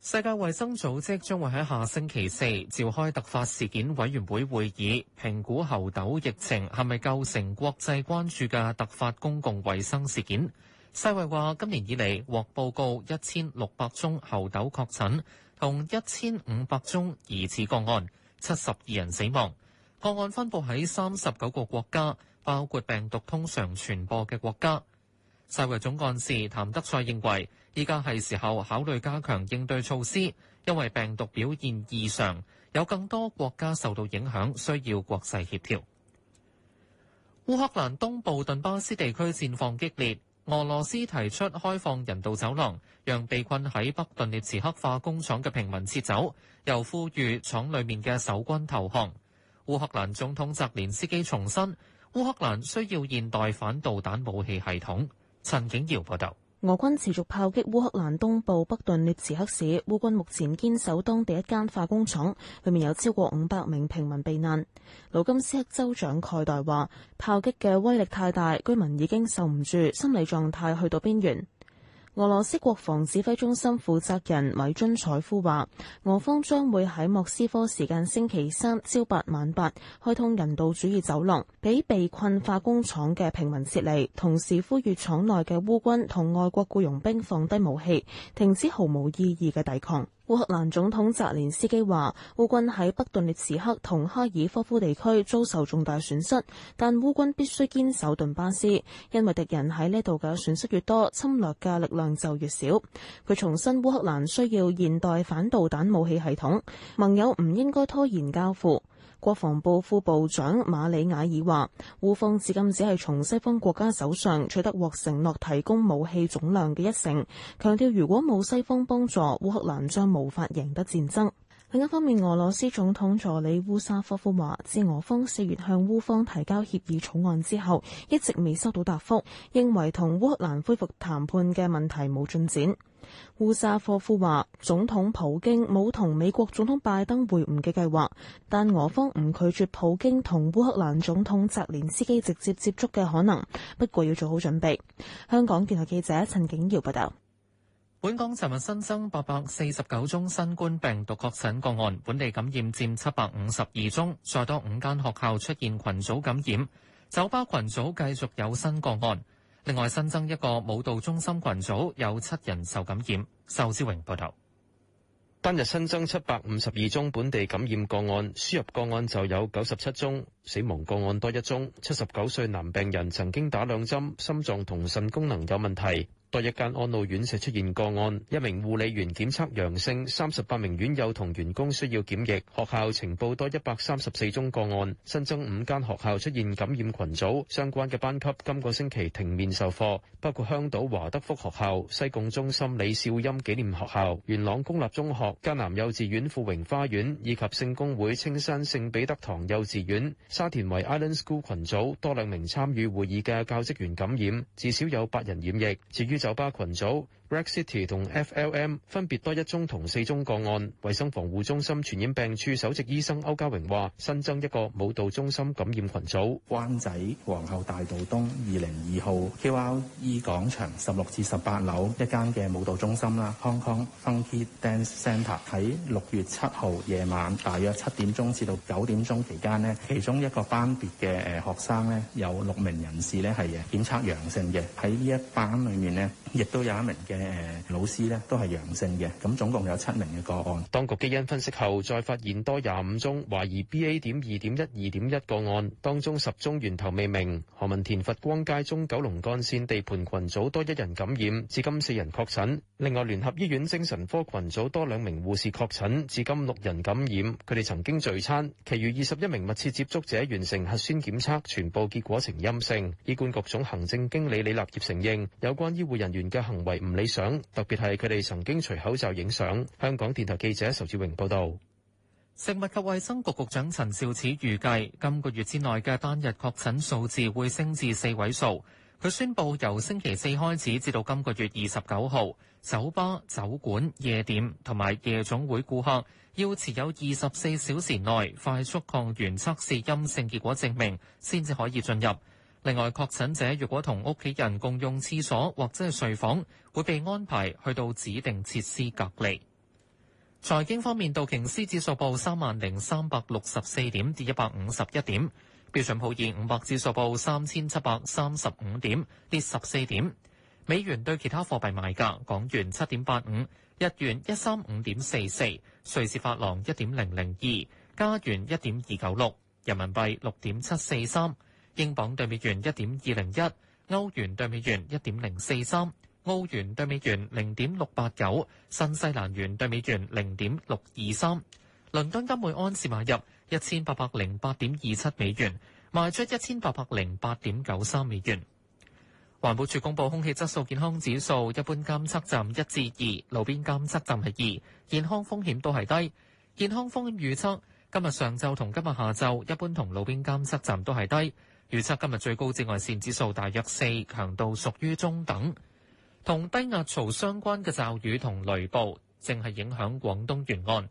世界衛生組織將會喺下星期四召開突發事件委員會會議，評估猴痘疫情係咪構成國際關注嘅突發公共衛生事件。世衞話，今年以嚟獲報告一千六百宗猴痘確診，同一千五百宗疑似個案，七十二人死亡。個案分佈喺三十九個國家，包括病毒通常傳播嘅國家。世衞總幹事譚德塞認為，依家係時候考慮加強應對措施，因為病毒表現異常，有更多國家受到影響，需要國際協調。烏克蘭東部頓巴斯地區戰況激烈，俄羅斯提出開放人道走廊，讓被困喺北頓涅茨克化工廠嘅平民撤走，又呼籲廠裡面嘅守軍投降。烏克蘭總統澤連斯基重申，烏克蘭需要現代反導彈武器系統。陳景堯報道。俄軍持續炮擊烏克蘭東部北頓涅茨克市，烏軍目前堅守當地一間化工廠，裏面有超過五百名平民避難。盧甘斯克州長蓋代話：炮擊嘅威力太大，居民已經受唔住，心理狀態去到邊緣。俄羅斯國防指揮中心負責人米津采夫話：俄方將會喺莫斯科時間星期三朝八晚八開通人道主義走廊，俾被，被困化工廠嘅平民撤離，同時呼籲廠內嘅烏軍同外國僱傭兵放低武器，停止毫無意義嘅抵抗。烏克蘭總統澤連斯基話：烏軍喺北頓涅茨克同哈爾科夫地區遭受重大損失，但烏軍必須堅守頓巴斯，因為敵人喺呢度嘅損失越多，侵略嘅力量就越少。佢重申烏克蘭需要現代反導彈武器系統，盟友唔應該拖延交付。國防部副部長馬里亞爾話，烏方至今只係從西方國家手上取得獲承諾提供武器總量嘅一成，強調如果冇西方幫助，烏克蘭將無法贏得戰爭。另一方面，俄羅斯總統助理烏沙科夫話，自俄方四月向烏方提交協議草案之後，一直未收到答覆，認為同烏克蘭恢復談判嘅問題冇進展。烏沙科夫話：總統普京冇同美國總統拜登會晤嘅計劃，但俄方唔拒絕普京同烏克蘭總統澤連斯基直接接觸嘅可能，不過要做好準備。香港電台記者陳景瑤報道：本港尋日新增八百四十九宗新冠病毒確診個案，本地感染佔七百五十二宗，再多五間學校出現群組感染，酒吧群組繼續有新個案。另外新增一個舞蹈中心群組，有七人受感染。仇志榮報道，單日新增七百五十二宗本地感染個案，輸入個案就有九十七宗，死亡個案多一宗。七十九歲男病人曾經打兩針，心臟同腎功能有問題。多一間安老院舍出現個案，一名護理員檢測陽性，三十八名院友同員工需要檢疫。學校呈報多一百三十四宗個案，新增五間學校出現感染群組，相關嘅班級今個星期停面授課，包括香島華德福學校、西貢中心李少欽紀念學校、元朗公立中學、迦南幼稚園富榮花園以及聖公會青山聖彼得堂幼稚園。沙田圍 Island School 群組多兩名參與會議嘅教職員感染，至少有八人染疫。至於酒吧群組，Rexity 同 FLM 分別多一宗同四宗個案。衛生防護中心傳染病處首席醫生歐家榮話，新增一個舞蹈中心感染群組。灣仔皇后大道東二零二號 QRE 廣場十六至十八樓一間嘅舞蹈中心啦，Hong Kong Funky Dance Centre 喺六月七號夜晚大約七點鐘至到九點鐘期間咧，其中一個班別嘅誒學生咧，有六名人士咧係檢測陽性嘅，喺呢一班裏面咧，亦都有一名嘅。誒，老師咧都係陽性嘅，咁總共有七名嘅個案。當局基因分析後再發現多廿五宗懷疑 BA 點二點一二點一個案，當中十宗源頭未明。何文田佛光街中九龍幹線地盤群組多一人感染，至今四人確診。另外聯合醫院精神科群組多兩名護士確診，至今六人感染，佢哋曾經聚餐。其餘二十一名密切接觸者完成核酸檢測，全部結果呈陰性。醫管局總行政經理李立業承認，有關醫護人員嘅行為唔理想，特別係佢哋曾經除口罩影相。香港電台記者仇志榮報導。食物及衛生局局長陳肇始預計今個月之內嘅單日確診數字會升至四位數。佢宣布由星期四開始至到今個月二十九號，酒吧、酒館、夜店同埋夜總會顧客要持有二十四小時內快速抗原測試陰性結果證明，先至可以進入。另外，確診者如果同屋企人共用廁所或者係睡房，會被安排去到指定設施隔離。財 經方面，道瓊斯指數報三萬零三百六十四點，跌一百五十一點；標準普爾五百指數報三千七百三十五點，跌十四點。美元對其他貨幣賣價：港元七點八五，日元一三五點四四，瑞士法郎一點零零二，加元一點二九六，人民幣六點七四三。英鎊兌美元一點二零一，歐元兌美元一點零四三，澳元兌美元零點六八九，新西蘭元兌美元零點六二三。倫敦金每安士買入一千八百零八點二七美元，賣出一千八百零八點九三美元。環保署公布空氣質素健康指數，一般監測站一至二，路邊監測站係二，健康風險都係低。健康風險預測今日上晝同今日下晝，一般同路邊監測站都係低。預測今日最高紫外線指數大約四，強度屬於中等。同低壓槽相關嘅驟雨同雷暴正係影響廣東沿岸。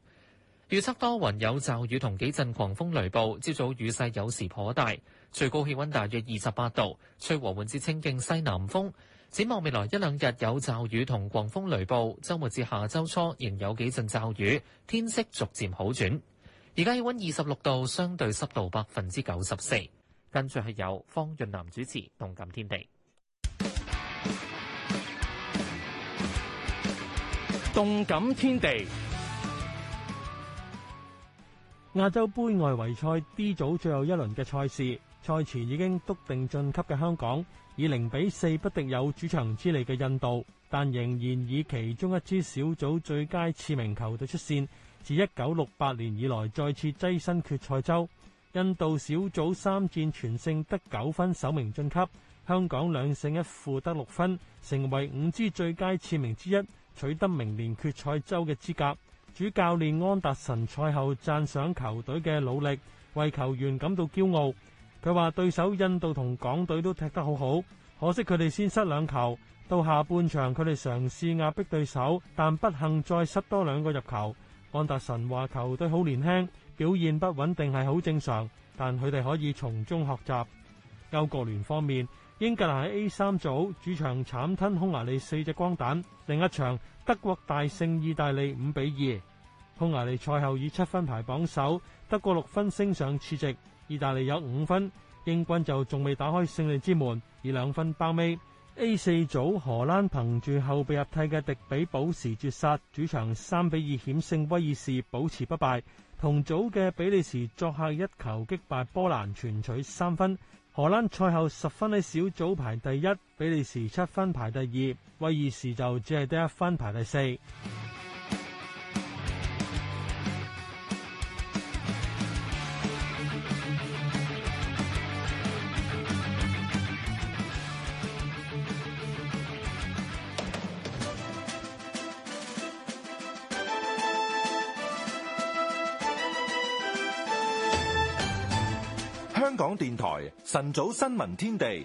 預測多雲有驟雨同幾陣狂風雷暴，朝早雨勢有時頗大。最高氣溫大約二十八度，吹和緩至清勁西南風。展望未來一兩日有驟雨同狂風雷暴，週末至下週初仍有幾陣驟雨，天色逐漸好轉。而家氣溫二十六度，相對濕度百分之九十四。跟住係由方潤南主持《動感天地》。《動感天地》亞洲杯外圍賽 D 組最後一輪嘅賽事，賽前已經篤定晉級嘅香港，以零比四不敵有主場之利嘅印度，但仍然以其中一支小組最佳次名球隊出線，自一九六八年以來再次躋身決賽周。印度小組三戰全勝得九分，首名晉級，香港兩勝一負得六分，成為五支最佳次名之一，取得明年決賽周嘅資格。主教練安達臣賽後讚賞球隊嘅努力，為球員感到驕傲。佢話對手印度同港隊都踢得好好，可惜佢哋先失兩球。到下半場佢哋嘗試壓迫對手，但不幸再失多兩個入球。安達臣話球隊好年輕。表現不穩定係好正常，但佢哋可以從中學習。歐國聯方面，英格蘭喺 A 三組主場慘吞匈牙利四隻光蛋，另一場德國大勝意大利五比二。匈牙利賽後以七分排榜首，德國六分升上次席，意大利有五分，英軍就仲未打開勝利之門，以兩分包尾。A 四組荷蘭憑住後備入替嘅迪比補時絕殺，主場三比二險勝威爾士，保持不敗。同組嘅比利時作客一球擊敗波蘭，全取三分。荷蘭賽後十分喺小組排第一，比利時七分排第二，威爾士就只係得一分排第四。晨早新聞天地，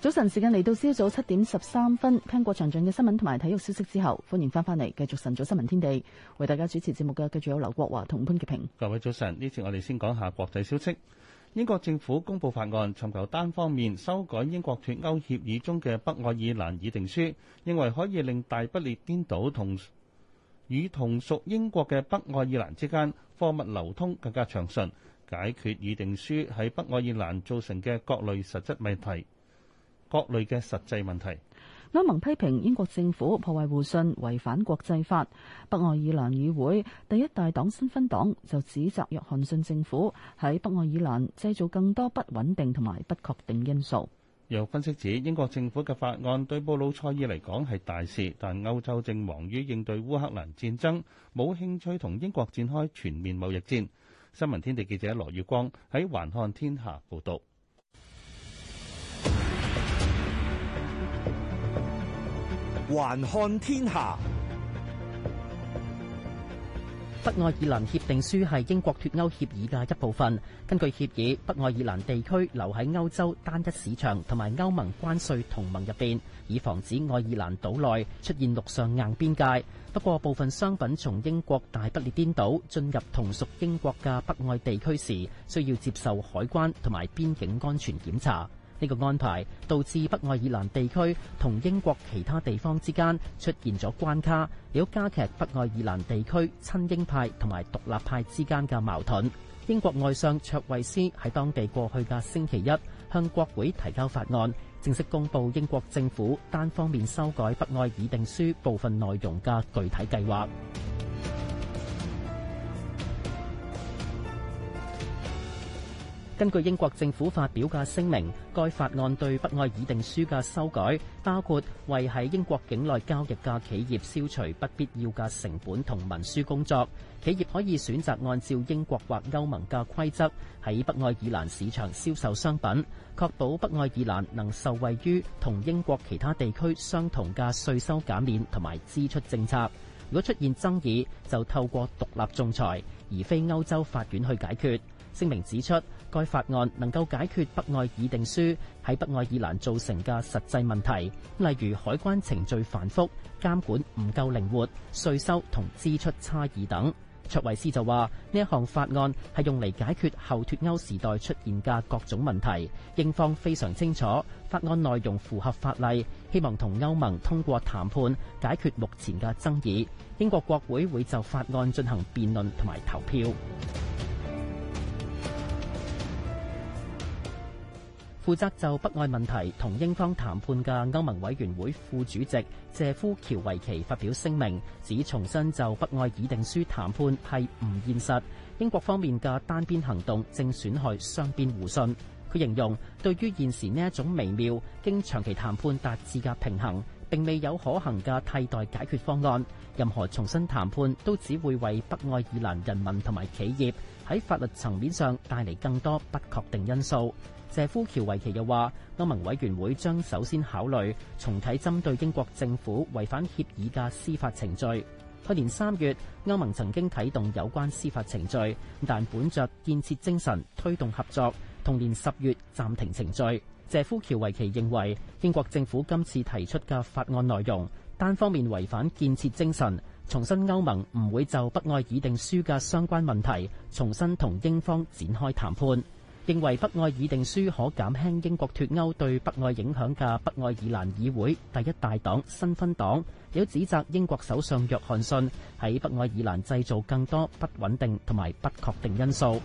早晨時間嚟到，朝早七點十三分，聽過詳盡嘅新聞同埋體育消息之後，歡迎翻翻嚟，繼續晨早新聞天地，為大家主持節目嘅，繼續有劉國華同潘潔平。各位早晨，呢次我哋先講下國際消息。英國政府公布法案，尋求單方面修改英國脫歐協議中嘅北愛爾蘭議定書，認為可以令大不列顛島同與同屬英國嘅北愛爾蘭之間。貨物流通更加暢順，解決議定書喺北愛爾蘭造成嘅各類實質問題、各類嘅實際問題。歐盟批評英國政府破壞互信、違反國際法。北愛爾蘭議會第一大黨新芬黨就指責約翰遜政府喺北愛爾蘭製造更多不穩定同埋不確定因素。有分析指，英國政府嘅法案對布魯塞爾嚟講係大事，但歐洲正忙於應對烏克蘭戰爭，冇興趣同英國展開全面貿易戰。新聞天地記者羅月光喺環看天下報導。環看天下。報北愛爾蘭協定書係英國脫歐協議嘅一部分。根據協議，北愛爾蘭地區留喺歐洲單一市場同埋歐盟關稅同盟入邊，以防止愛爾蘭島內出現陸上硬邊界。不過，部分商品從英國大不列顛島進入同屬英國嘅北愛地區時，需要接受海關同埋邊境安全檢查。呢個安排導致北愛爾蘭地區同英國其他地方之間出現咗關卡，亦加劇北愛爾蘭地區親英派同埋獨立派之間嘅矛盾。英國外相卓慧斯喺當地過去嘅星期一向國會提交法案，正式公布英國政府單方面修改北愛議定書部分內容嘅具體計劃。根據英國政府發表嘅聲明該法案對北愛爾蘭議定書嘅修改包括為喺英國境內交易嘅企業消除不必要嘅成本同文書工作企業可以選擇按照英國或歐盟嘅規則喺北愛爾蘭市場銷售商品確保北愛爾蘭能受惠於同英國其他地區相同嘅稅收減免同埋支出政策如果出現爭議就透過獨立仲裁而非歐洲法院去解決聲明指出，該法案能夠解決北愛議定書喺北愛爾蘭造成嘅實際問題，例如海關程序繁複、監管唔夠靈活、稅收同支出差異等。卓維斯就話：呢一項法案係用嚟解決後脫歐時代出現嘅各種問題。英方非常清楚，法案內容符合法例，希望同歐盟通過談判解決目前嘅爭議。英國國會會會就法案進行辯論同埋投票。負責就北愛問題同英方談判嘅歐盟委員會副主席謝夫喬維奇發表聲明，指重新就北愛議定書談判係唔現實。英國方面嘅單邊行動正損害雙邊互信。佢形容，對於現時呢一種微妙經長期談判達至嘅平衡，並未有可行嘅替代解決方案。任何重新談判都只會為北愛爾蘭人民同埋企業喺法律層面上帶嚟更多不確定因素。謝夫喬維奇又話，歐盟委員會將首先考慮重啟針對英國政府違反協議嘅司法程序。去年三月，歐盟曾經啟動有關司法程序，但本着建設精神推動合作，同年十月暫停程序。謝夫喬維奇認為，英國政府今次提出嘅法案內容單方面違反建設精神，重申歐盟唔會就北愛議定書嘅相關問題重新同英方展開談判。認為北愛議定書可減輕英國脫歐對北愛影響嘅北愛爾蘭議會第一大黨新芬黨，有指責英國首相約翰遜喺北愛爾蘭製造更多不穩定同埋不確定因素。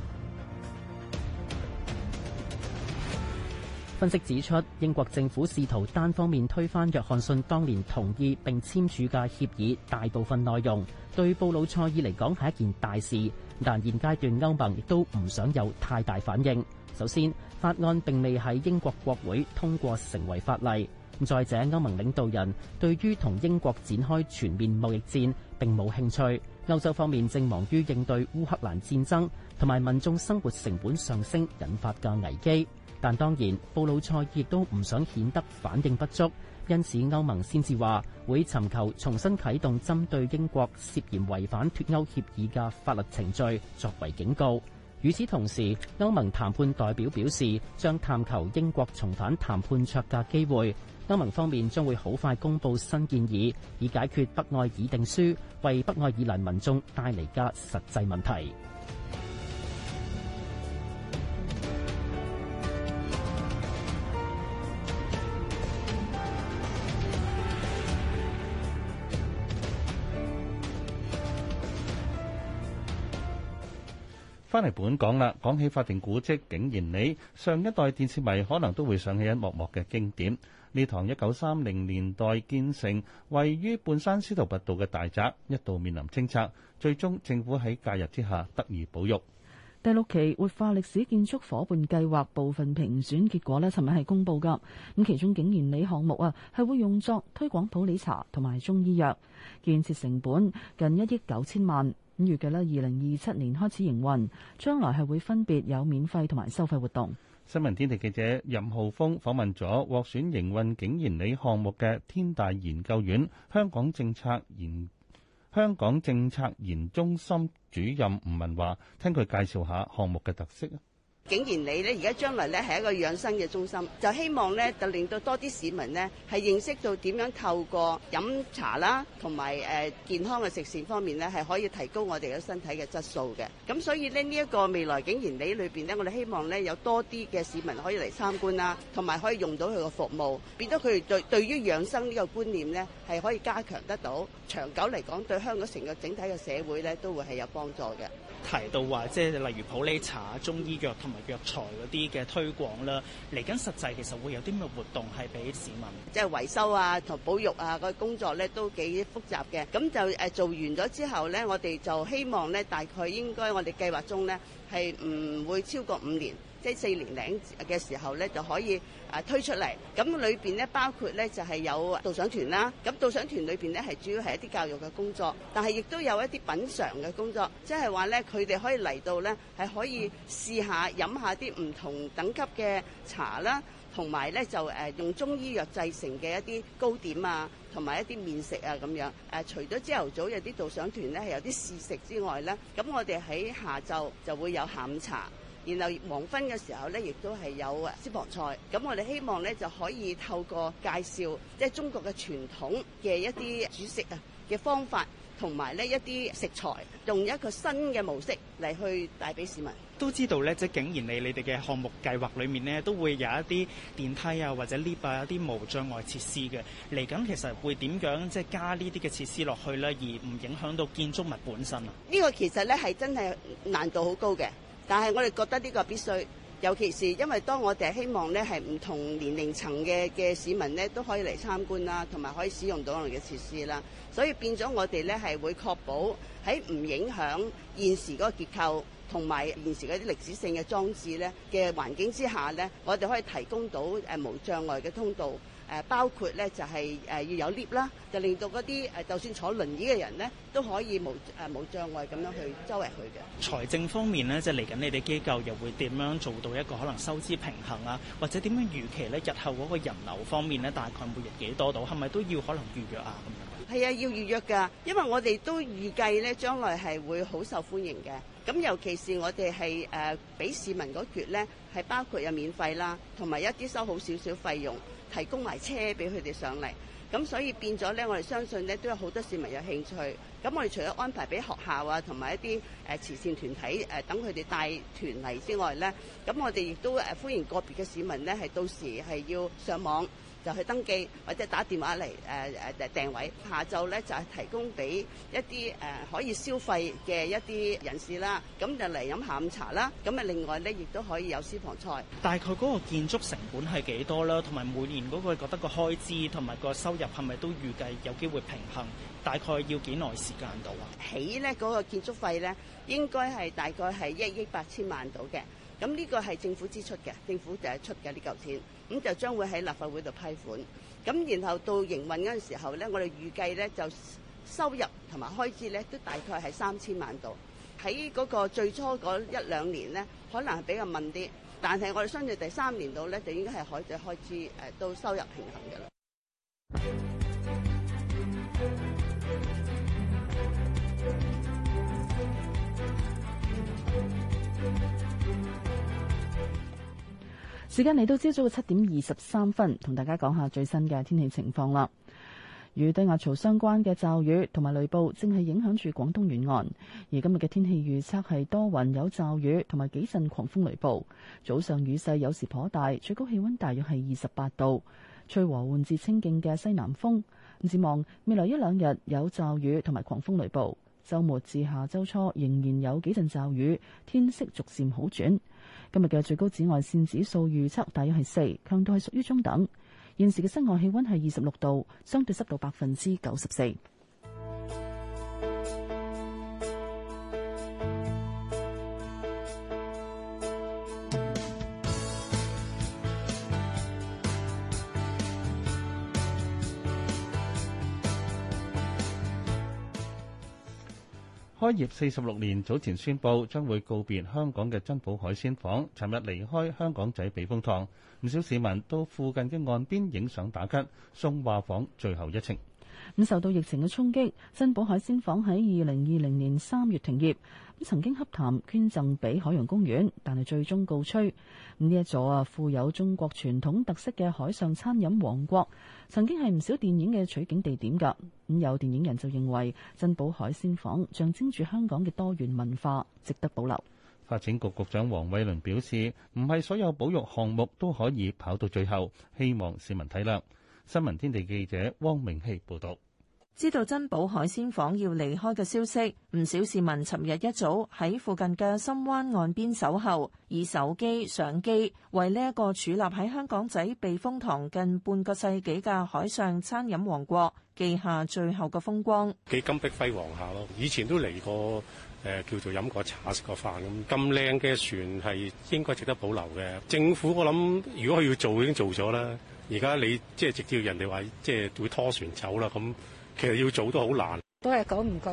分析指出，英國政府試圖單方面推翻約翰遜當年同意並簽署嘅協議大部分內容。對布魯塞爾嚟講係一件大事，但現階段歐盟亦都唔想有太大反應。首先，法案並未喺英國國會通過成為法例，再者，歐盟領導人對於同英國展開全面貿易戰並冇興趣。歐洲方面正忙於應對烏克蘭戰爭同埋民眾生活成本上升引發嘅危機。但當然，布魯塞爾亦都唔想顯得反應不足，因此歐盟先至話會尋求重新啟動針對英國涉嫌違反脫歐協議嘅法律程序，作為警告。與此同時，歐盟談判代表表示，將探求英國重返談判桌嘅機會。歐盟方面將會好快公布新建議，以解決北愛爾定書，為北愛爾蘭民眾帶嚟嘅實際問題。翻嚟本港啦，講起法定古蹟景賢里，上一代電視迷可能都會想起一幕幕嘅經典。呢堂一九三零年代建成，位於半山司徒拔道嘅大宅，一度面臨清拆，最終政府喺介入之下得以保育。第六期活化歷史建築伙伴計劃部分評選結果呢，尋日係公布㗎。咁其中景賢里項目啊，係會用作推廣普洱茶同埋中醫藥，建設成本近一億九千萬。五月嘅咧，二零二七年開始營運，將來係會分別有免費同埋收費活動。新聞天地記者任浩峰訪問咗獲選營運景賢里項目嘅天大研究院香港政策研香港政策研究中心主任吳文華，聽佢介紹下項目嘅特色。景賢里咧，而家將來咧係一個養生嘅中心，就希望咧就令到多啲市民咧係認識到點樣透過飲茶啦，同埋誒，健康嘅食膳方面咧係可以提高我哋嘅身體嘅質素嘅。咁所以咧呢一，這個未來景賢里裏邊咧，我哋希望咧有多啲嘅市民可以嚟參觀啦，同埋可以用到佢嘅服務，變咗佢哋對對於養生呢個觀念咧係可以加強得到，長久嚟講對香港成個整體嘅社會咧都會係有幫助嘅。提到話即係例如普洱茶、中醫藥同埋。藥材嗰啲嘅推廣啦，嚟緊實際其實會有啲咩活動係俾市民，即係維修啊同保育啊個工作咧都幾複雜嘅。咁就誒做完咗之後咧，我哋就希望咧大概應該我哋計劃中咧係唔會超過五年。喺四年領嘅時候咧，就可以啊推出嚟。咁裏邊咧包括咧就係有導賞團啦。咁導賞團裏邊咧係主要係一啲教育嘅工作，但係亦都有一啲品嚐嘅工作。即係話咧，佢哋可以嚟到咧係可以試下飲下啲唔同等級嘅茶啦，同埋咧就誒用中醫藥製成嘅一啲糕點啊，同埋一啲麵食啊咁樣。誒，除咗朝頭早有啲導賞團咧係有啲試食之外咧，咁我哋喺下晝就會有下午茶。然後黃昏嘅時候咧，亦都係有私房菜。咁、嗯、我哋希望咧就可以透過介紹，即係中國嘅傳統嘅一啲煮食啊嘅方法，同埋咧一啲食材，用一個新嘅模式嚟去帶俾市民。都知道咧，即係竟然你你哋嘅項目計劃裏面呢，都會有一啲電梯啊或者 lift 啊一啲無障礙設施嘅。嚟緊其實會點樣即係加呢啲嘅設施落去咧，而唔影響到建築物本身啊？呢個其實咧係真係難度好高嘅。但係我哋覺得呢個必須，尤其是因為當我哋希望咧係唔同年齡層嘅嘅市民咧都可以嚟參觀啦，同埋可以使用到我哋嘅設施啦，所以變咗我哋咧係會確保喺唔影響現時嗰個結構同埋現時嗰啲歷史性嘅裝置咧嘅環境之下咧，我哋可以提供到誒無障礙嘅通道。誒包括咧，就係誒要有 lift 啦，就令到嗰啲誒，就算坐輪椅嘅人咧，都可以冇誒冇障礙咁樣去周圍去嘅。財政方面咧，即係嚟緊，你哋機構又會點樣做到一個可能收支平衡啊？或者點樣預期咧，日後嗰個人流方面咧，大概每日幾多度？係咪都要可能預約啊？咁樣係啊，要預約㗎，因為我哋都預計咧，將來係會好受歡迎嘅。咁尤其是我哋係誒俾市民嗰橛咧，係包括有免費啦，同埋一啲收好少少費用。提供埋車俾佢哋上嚟，咁所以變咗咧，我哋相信咧都有好多市民有興趣。咁我哋除咗安排俾學校啊，同埋一啲誒慈善團體誒等佢哋帶團嚟之外咧，咁我哋亦都誒歡迎個別嘅市民咧，係到時係要上網。就去登記或者打電話嚟誒誒訂位，下晝咧就係提供俾一啲誒、呃、可以消費嘅一啲人士啦，咁就嚟飲下午茶啦。咁啊，另外咧亦都可以有私房菜。大概嗰個建築成本係幾多啦？同埋每年嗰個覺得個開支同埋個收入係咪都預計有機會平衡？大概要幾耐時間到啊？起咧嗰、嗰個建築費咧應該係大概係一億八千萬到嘅。咁呢個係政府支出嘅，政府就係出嘅呢嚿錢，咁就將會喺立法會度批款，咁然後到營運嗰陣時候咧，我哋預計咧就收入同埋開支咧都大概係三千萬度，喺嗰個最初嗰一兩年咧，可能係比較慢啲，但係我哋相信第三年度咧就應該係海底開支誒都收入平衡嘅啦。時間嚟到朝早嘅七點二十三分，同大家講下最新嘅天氣情況啦。與低壓槽相關嘅驟雨同埋雷暴正係影響住廣東沿岸，而今日嘅天氣預測係多雲有驟雨同埋幾陣狂風雷暴。早上雨勢有時頗大，最高氣溫大約係二十八度。吹和緩至清勁嘅西南風。展望未來一兩日有驟雨同埋狂風雷暴，周末至下周初仍然有幾陣驟雨，天色逐漸好轉。今日嘅最高紫外線指數預測大約係四，強度係屬於中等。現時嘅室外氣溫係二十六度，相對濕度百分之九十四。開業四十六年，早前宣布將會告別香港嘅珍寶海鮮舫，尋日離開香港仔避風塘，唔少市民到附近嘅岸邊影相打卡，送畫舫最後一程。咁受到疫情嘅衝擊，珍寶海鮮舫喺二零二零年三月停業。曾經洽談捐贈俾海洋公園，但係最終告吹。呢一座啊富有中國傳統特色嘅海上餐飲王國，曾經係唔少電影嘅取景地點噶。咁有電影人就認為珍寶海鮮舫象徵住香港嘅多元文化，值得保留。發展局局長黃偉綸表示，唔係所有保育項目都可以跑到最後，希望市民體諒。新聞天地記者汪明熙報道。知道珍寶海鮮舫要離開嘅消息，唔少市民尋日一早喺附近嘅深灣岸邊守候，以手機、相機為呢一個矗立喺香港仔避風塘近半個世紀嘅海上餐飲王國記下最後嘅風光。幾金碧輝煌下咯，以前都嚟過誒、呃，叫做飲過茶過飯、食過飯咁。咁靚嘅船係應該值得保留嘅。政府我諗如果佢要做已經做咗啦，而家你即係直接人哋話即係會拖船走啦咁。其實要做都好難，都係久唔久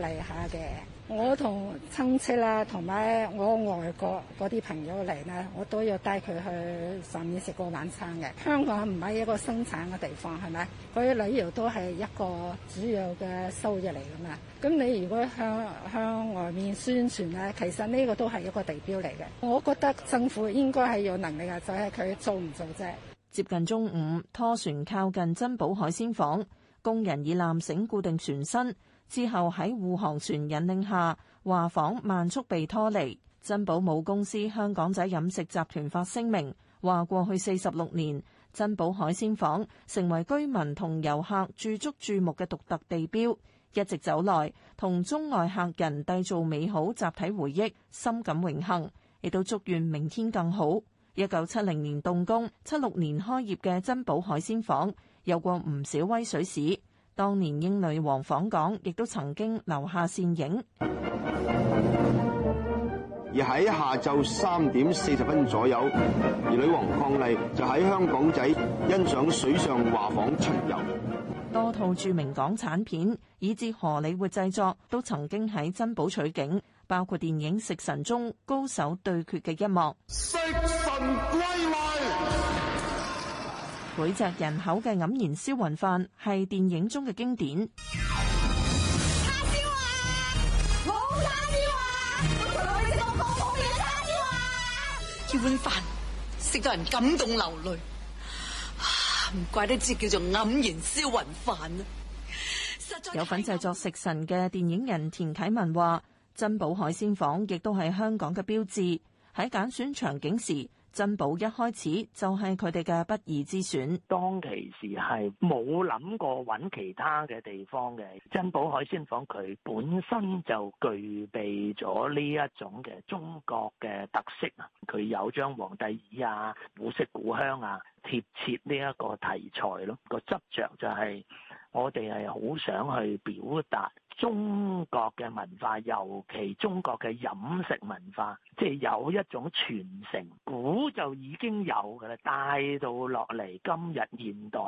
嚟下嘅。我同親戚啦、啊，同埋我外國嗰啲朋友嚟咧，我都要帶佢去上面食個晚餐嘅。香港唔係一個生產嘅地方，係咪？佢旅遊都係一個主要嘅收入嚟㗎嘛。咁你如果向向外面宣傳啊，其實呢個都係一個地標嚟嘅。我覺得政府應該係有能力嘅，就係、是、佢做唔做啫。接近中午，拖船靠近珍寶海鮮舫。工人以纜繩固定船身，之後喺護航船引領下，畫舫慢速被拖離。珍寶母公司香港仔飲食集團發聲明，話過去四十六年，珍寶海鮮舫成為居民同遊客駐足注目嘅獨特地標，一直走來同中外客人締造美好集體回憶，深感榮幸，亦都祝願明天更好。一九七零年動工，七六年開業嘅珍寶海鮮舫。有過唔少威水史，當年英女王訪港，亦都曾經留下倩影。而喺下晝三點四十分左右，而女王伉儷就喺香港仔欣賞水上畫舫出遊。多套著名港產片，以至荷里活製作，都曾經喺珍寶取景，包括電影《食神》中高手對決嘅一幕。食神歸位每隻人口嘅黯然消魂飯係電影中嘅經典。叉燒啊！冇叉燒啊！好嘢叉燒啊！呢碗飯食到人感動流淚，唔怪得之叫做黯然消魂飯啦。有份製作《食神》嘅電影人田啟文話，珍寶海鮮房亦都係香港嘅標誌。喺揀選場景時，珍寶一開始就係佢哋嘅不二之選，當其時係冇諗過揾其他嘅地方嘅。珍寶海鮮舫佢本身就具備咗呢一種嘅中國嘅特色，佢有張皇帝椅啊，古色古香啊，貼切呢一個題材咯。個執着就係、是、我哋係好想去表達。中國嘅文化，尤其中國嘅飲食文化，即係有一種傳承，古就已經有㗎喇，帶到落嚟今日現代。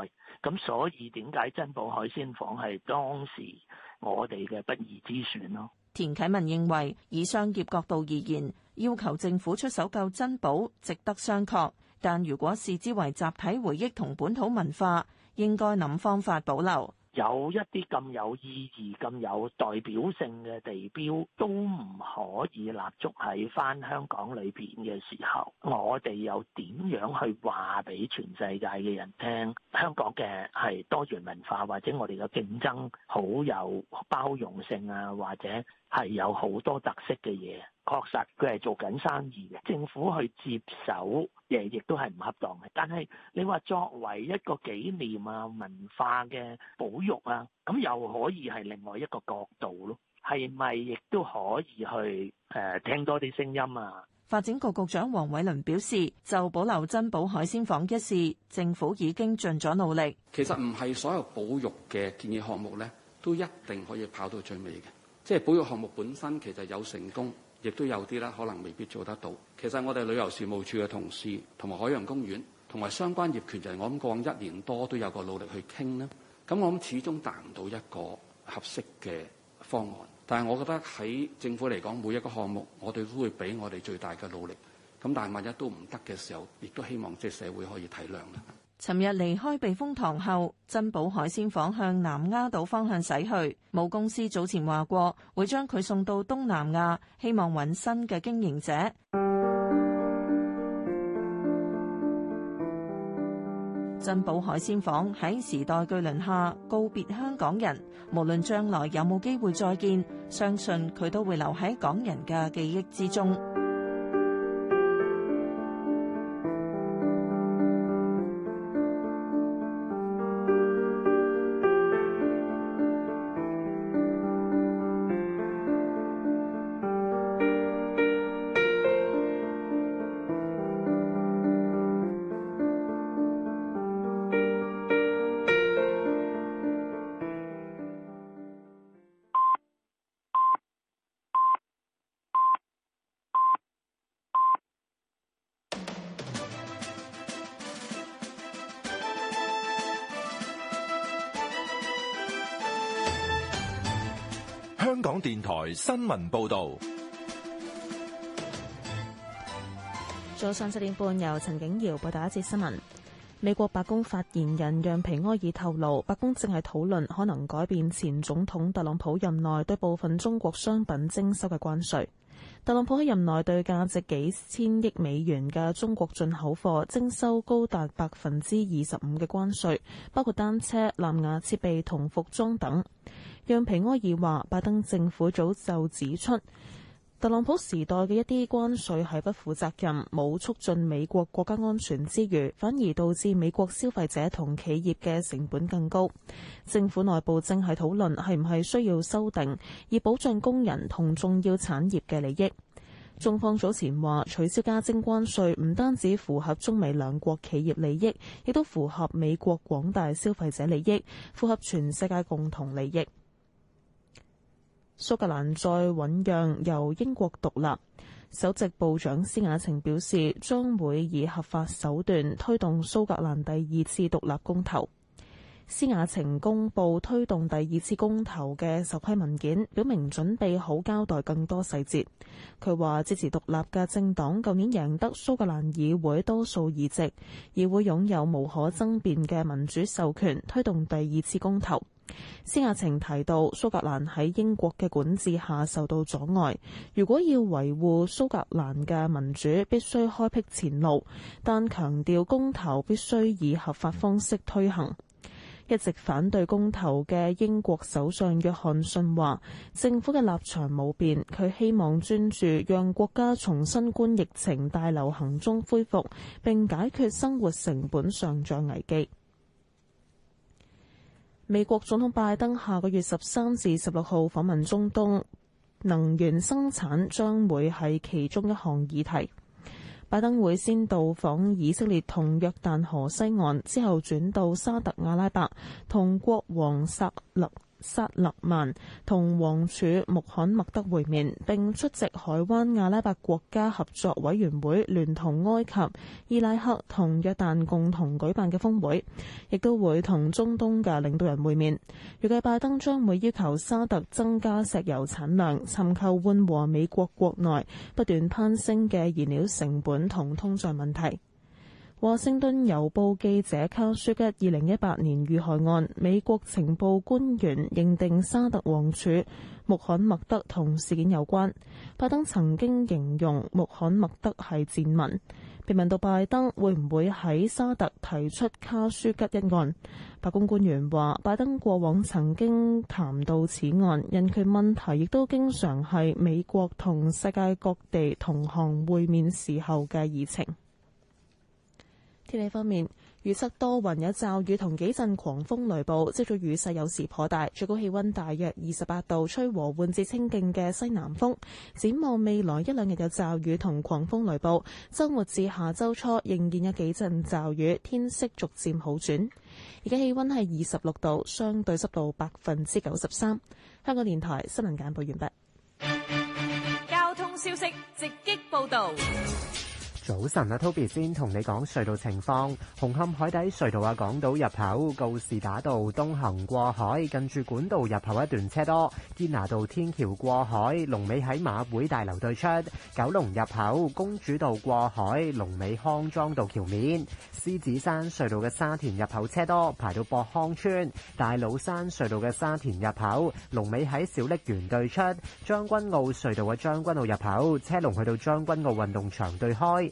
咁所以點解珍寶海鮮舫係當時我哋嘅不二之選咯？田啟文認為，以商業角度而言，要求政府出手救珍寶，值得商榷。但如果視之為集體回憶同本土文化，應該諗方法保留。有一啲咁有意義、咁有代表性嘅地標，都唔可以立足喺翻香港裏邊嘅時候，我哋又點樣去話俾全世界嘅人聽，香港嘅係多元文化，或者我哋嘅競爭好有包容性啊，或者係有好多特色嘅嘢。確實，佢係做緊生意嘅。政府去接手，誒，亦都係唔恰當嘅。但係你話作為一個紀念啊、文化嘅保育啊，咁又可以係另外一個角度咯。係咪亦都可以去誒、呃、聽多啲聲音啊？發展局局長黃偉倫表示，就保留珍寶海鮮舫一事，政府已經盡咗努力。其實唔係所有保育嘅建議項目咧，都一定可以跑到最尾嘅。即係保育項目本身其實有成功。亦都有啲啦，可能未必做得到。其實我哋旅遊事務處嘅同事，同埋海洋公園同埋相關業權人，我諗過往一年多都有個努力去傾啦。咁我諗始終達唔到一個合適嘅方案。但係我覺得喺政府嚟講，每一個項目，我哋都會俾我哋最大嘅努力。咁但係萬一都唔得嘅時候，亦都希望即係社會可以體諒啦。尋日離開避風塘後，珍寶海鮮舫向南丫島方向駛去。母公司早前話過，會將佢送到東南亞，希望搵新嘅經營者。 珍寶海鮮舫喺時代巨輪下告別香港人，無論將來有冇機會再見，相信佢都會留喺港人嘅記憶之中。新聞報道。早上七點半，由陳景堯報道一節新聞。美國白宮發言人讓皮埃爾透露，白宮正係討論可能改變前總統特朗普任內對部分中國商品徵收嘅關稅。特朗普喺任內對價值幾千億美元嘅中國進口貨徵收高達百分之二十五嘅關稅，包括單車、藍牙設備同服裝等。讓皮埃爾話，拜登政府早就指出，特朗普時代嘅一啲關稅係不負責任，冇促進美國國家安全之餘，反而導致美國消費者同企業嘅成本更高。政府內部正係討論係唔係需要修訂，以保障工人同重要產業嘅利益。中方早前話取消加徵關稅唔單止符合中美兩國企業利益，亦都符合美國廣大消費者利益，符合全世界共同利益。蘇格蘭再醞釀由英國獨立，首席部長施雅晴表示將會以合法手段推動蘇格蘭第二次獨立公投。施雅晴公佈推動第二次公投嘅首批文件，表明準備好交代更多細節。佢話支持獨立嘅政黨舊年贏得蘇格蘭議會多數議席，議會擁有無可爭辯嘅民主授權推動第二次公投。施亞晴提到，蘇格蘭喺英國嘅管治下受到阻礙。如果要維護蘇格蘭嘅民主，必須開闢前路，但強調公投必須以合法方式推行。一直反對公投嘅英國首相約翰遜話，政府嘅立場冇變，佢希望專注讓國家從新冠疫情大流行中恢復，並解決生活成本上漲危機。美國總統拜登下個月十三至十六號訪問中東，能源生產將會係其中一項議題。拜登會先到訪以色列同約旦河西岸，之後轉到沙特阿拉伯同國王薩勒。薩勒曼同王儲穆罕默德會面，並出席海灣阿拉伯國家合作委員會聯同埃及、伊拉克同約旦共同舉辦嘅峰會，亦都會同中東嘅領導人會面。預計拜登將會要求沙特增加石油產量，尋求緩和美國國內不斷攀升嘅燃料成本同通脹問題。華盛頓郵報記者卡舒吉二零一八年遇害案，美國情報官員認定沙特王儲穆罕默德同事件有關。拜登曾經形容穆罕默德係賤民。被問到拜登會唔會喺沙特提出卡舒吉一案，白宮官員話：拜登過往曾經談到此案，人權問題亦都經常係美國同世界各地同行會面時候嘅議程。天氣方面，預測多雲有驟雨同幾陣狂風雷暴，即係雨勢有時頗大，最高氣溫大約二十八度，吹和緩至清勁嘅西南風。展望未來一兩日有驟雨同狂風雷暴，周末至下周初仍然有幾陣驟雨，天色逐漸好轉。而家氣溫係二十六度，相對濕度百分之九十三。香港電台新聞簡報完畢。交通消息直擊報道。早晨啊，Toby 先同你講隧道情況。紅磡海底隧道啊，港島入口告士打道東行過海，近住管道入口一段車多。堅拿道天橋過海，龍尾喺馬會大樓對出。九龍入口公主道過海，龍尾康莊道橋面。獅子山隧道嘅沙田入口車多，排到博康村。大老山隧道嘅沙田入口，龍尾喺小瀝源對出。將軍澳隧道嘅將軍澳入口，車龍去到將軍澳運動場對開。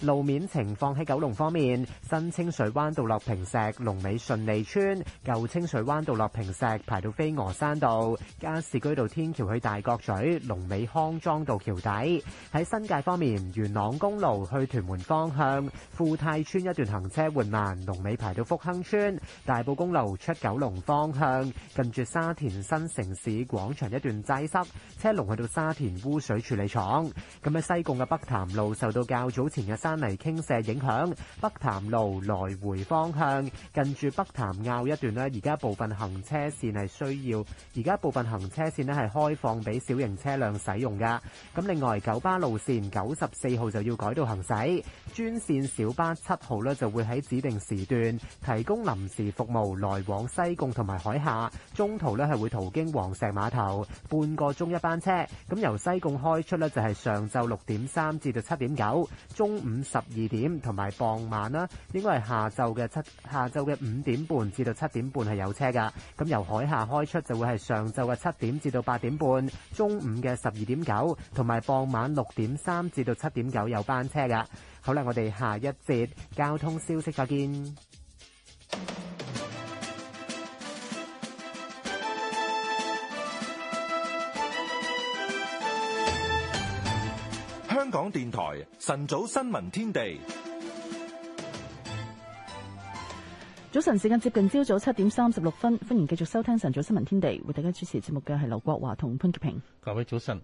路面情況喺九龍方面，新清水灣道落坪石，龍尾順利村；舊清水灣道落坪石，排到飛鵝山道；加士居道天橋去大角咀，龍尾康莊道橋底。喺新界方面，元朗公路去屯門方向，富泰村一段行車緩慢，龍尾排到福亨村；大埔公路出九龍方向，近住沙田新城市廣場一段擠塞，車龍去到沙田污水處理廠。咁喺西貢嘅北潭路受到較早前嘅沙泥傾瀉影響，北潭路來回方向近住北潭坳一段呢，而家部分行車線係需要，而家部分行車線呢係開放俾小型車輛使用㗎。咁另外十二點同埋傍晚啦，應該係下晝嘅七下晝嘅五點半至到七點半係有車㗎。咁由海下開出就會係上晝嘅七點至到八點半，中午嘅十二點九同埋傍晚六點三至到七點九有班車㗎。好啦，我哋下一節交通消息，再見。香港電台晨早新聞天地，早晨時間接近朝早七點三十六分，歡迎繼續收聽晨早新聞天地，為大家主持節目嘅係劉國華同潘潔平。各位早晨。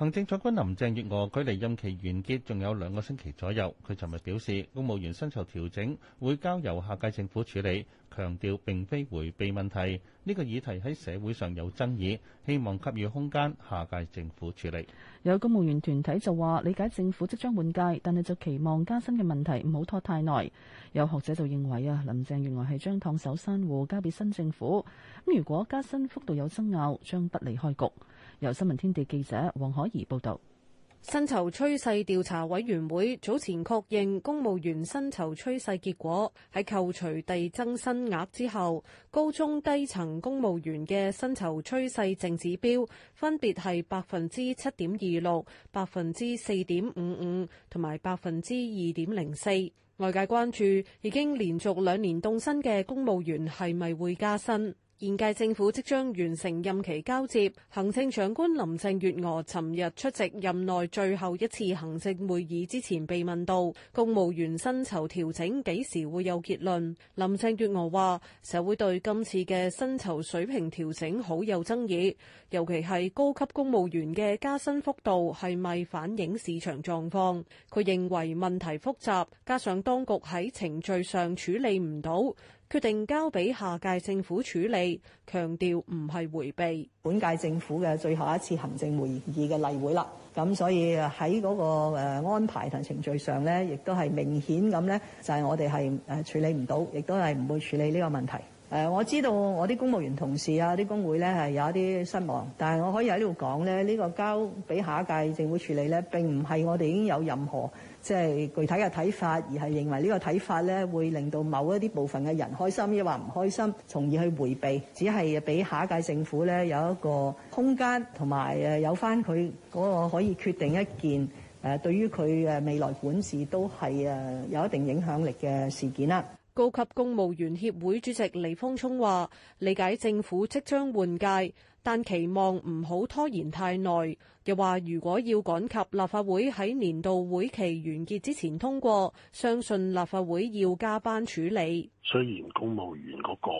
行政長官林鄭月娥距離任期完結，仲有兩個星期左右。佢尋日表示，公務員薪酬調整會交由下屆政府處理，強調並非迴避問題。呢個議題喺社會上有爭議，希望給予空間下屆政府處理。有公務員團體就話理解政府即將換屆，但係就期望加薪嘅問題唔好拖太耐。有學者就認為啊，林鄭月娥係將燙手山芋交俾新政府。咁如果加薪幅度有爭拗，將不利開局。由新聞天地記者黃可怡報導，薪酬趨勢調查委員會早前確認公務員薪酬趨勢結果，喺扣除遞增薪額之後，高中低層公務員嘅薪酬趨勢淨指標分別係百分之七點二六、百分之四點五五同埋百分之二點零四。外界關注已經連續兩年凍薪嘅公務員係咪會加薪？現屆政府即將完成任期交接，行政長官林鄭月娥尋日出席任內最後一次行政會議之前被問到公務員薪酬調整幾時會有結論。林鄭月娥話：社會對今次嘅薪酬水平調整好有爭議，尤其係高級公務員嘅加薪幅度係咪反映市場狀況？佢認為問題複雜，加上當局喺程序上處理唔到。決定交俾下屆政府處理，強調唔係迴避。本屆政府嘅最後一次行政會議嘅例會啦，咁所以喺嗰個安排同程序上咧，亦都係明顯咁咧，就係我哋係誒處理唔到，亦都係唔會處理呢個問題。誒，我知道我啲公務員同事啊，啲工會咧係有一啲失望，但係我可以喺呢度講咧，呢個交俾下一屆政府處理咧，並唔係我哋已經有任何。即係具體嘅睇法，而係認為個呢個睇法咧會令到某一啲部分嘅人開心，亦或唔開心，從而去迴避，只係俾下一屆政府咧有一個空間，同埋誒有翻佢嗰個可以決定一件誒對於佢誒未來管治都係誒有一定影響力嘅事件啦。高級公務員協會主席李豐聰話：理解政府即將換屆。但期望唔好拖延太耐，又話如果要趕及立法會喺年度會期完結之前通過，相信立法會要加班處理。雖然公務員嗰個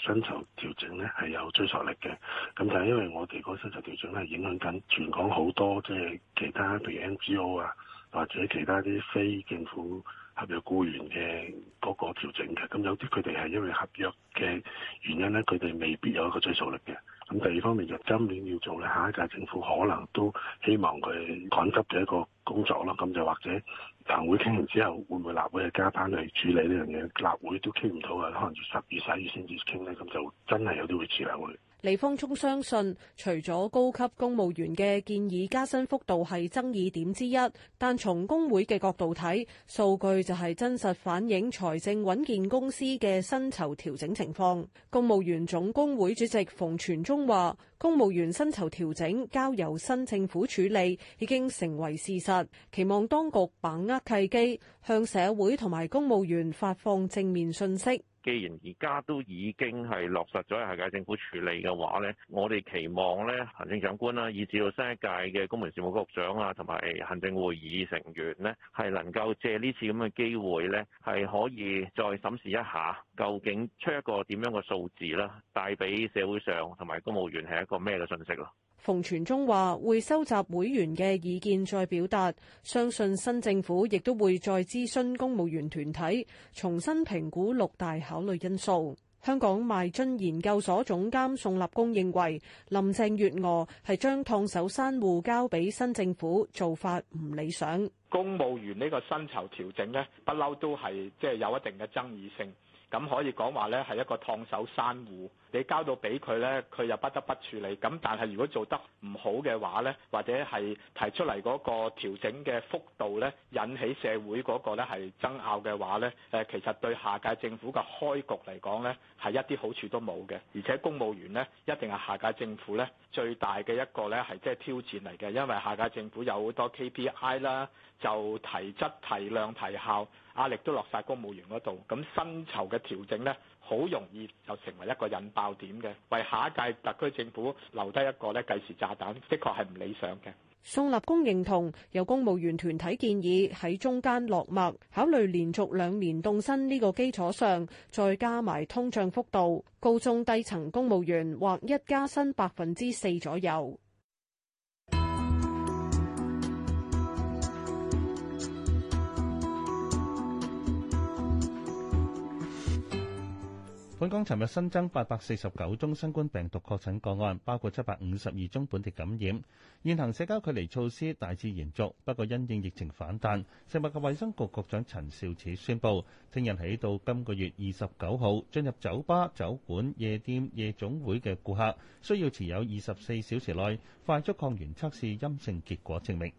誒薪酬調整咧係有追索力嘅，咁但係因為我哋嗰個薪酬調整咧影響緊全港好多即係其他譬如 NGO 啊，或者其他啲非政府合約僱員嘅嗰個調整嘅，咁有啲佢哋係因為合約嘅原因咧，佢哋未必有一個追索力嘅。咁第二方面就今年要做嘅下一屆政府可能都希望佢趕急嘅一個工作啦，咁就或者行會傾完之後會唔會立會嘅加班去處理呢樣嘢？立會都傾唔到啊，可能要十月十一月先至傾咧，咁就真係有啲會遲留會。李方忠相信，除咗高級公務員嘅建議加薪幅度係爭議點之一，但從工會嘅角度睇，數據就係真實反映財政穩健公司嘅薪酬調整情況。公務員總工會主席馮全中話，公務員薪酬調整交由新政府處理已經成為事實，期望當局把握契機，向社會同埋公務員發放正面信息。既然而家都已經係落實咗喺下屆政府處理嘅話咧，我哋期望咧行政長官啦，以至到新一屆嘅公務員事務局長啊，同埋行政會議成員咧，係能夠借呢次咁嘅機會咧，係可以再審視一下，究竟出一個點樣嘅數字啦，帶俾社會上同埋公務員係一個咩嘅信息咯。.馮全忠話會收集會員嘅意見再表達，相信新政府亦都會再諮詢公務員團體，重新評估六大考慮因素。香港邁進研究所總監宋立功認為，林鄭月娥係將燙手山芋交俾新政府，做法唔理想。公務員呢個薪酬調整呢，不嬲都係即係有一定嘅爭議性。咁可以講話呢，係一個燙手山芋。你交到俾佢呢，佢又不得不處理。咁但係如果做得唔好嘅話呢，或者係提出嚟嗰個調整嘅幅度呢，引起社會嗰個呢係爭拗嘅話呢，誒其實對下屆政府嘅開局嚟講呢，係一啲好處都冇嘅。而且公務員呢，一定係下屆政府呢最大嘅一個呢，係即係挑戰嚟嘅，因為下屆政府有好多 KPI 啦，就提質、提量、提效。壓力都落晒公務員嗰度，咁薪酬嘅調整呢，好容易就成為一個引爆點嘅，為下一屆特區政府留低一個呢計時炸彈，的確係唔理想嘅。宋立功認同由公務員團體建議喺中間落墨，考慮連續兩年凍薪呢個基礎上，再加埋通脹幅度，高中低層公務員或一加薪百分之四左右。本港尋日新增八百四十九宗新冠病毒確診個案，包括七百五十二宗本地感染。現行社交距離措施大致延續，不過因應疫情反彈，食物及衛生局局長陳肇始宣布，聽日起到今個月二十九號，進入酒吧、酒館、夜店、夜總會嘅顧客，需要持有二十四小時內快速抗原測試陰性結果證明。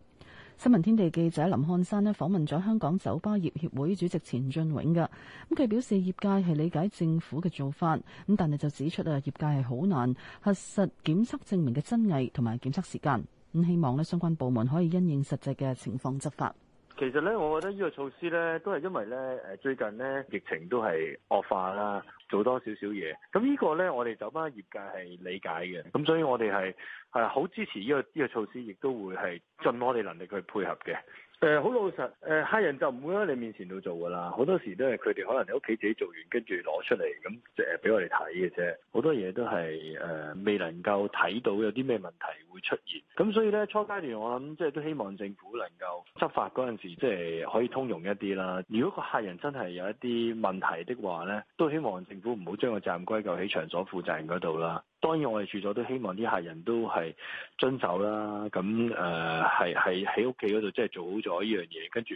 新聞天地記者林漢山呢訪問咗香港酒吧業協會主席錢俊永嘅，咁佢表示業界係理解政府嘅做法，咁但係就指出啊，業界係好難核實檢測證明嘅真偽同埋檢測時間，咁希望呢相關部門可以因應實際嘅情況執法。其實咧，我覺得呢個措施咧，都係因為咧，誒最近咧疫情都係惡化啦，做多少少嘢。咁呢個咧，我哋酒吧業界係理解嘅。咁所以我哋係係好支持呢個呢個措施，亦都會係盡我哋能力去配合嘅。誒好、呃、老實，誒、呃、客人就唔會喺你面前度做㗎啦。好多時都係佢哋可能喺屋企自己做完，跟住攞出嚟咁誒俾我哋睇嘅啫。好多嘢都係誒、呃、未能夠睇到有啲咩問題會出現。咁所以呢，初階段我諗即係都希望政府能夠執法嗰陣時，即係可以通融一啲啦。如果個客人真係有一啲問題的話呢，都希望政府唔好將個責任歸咎喺場所負責人嗰度啦。當然我，我哋住咗都希望啲客人都係遵守啦。咁誒係係喺屋企嗰度，即、呃、係做好咗依樣嘢，跟住誒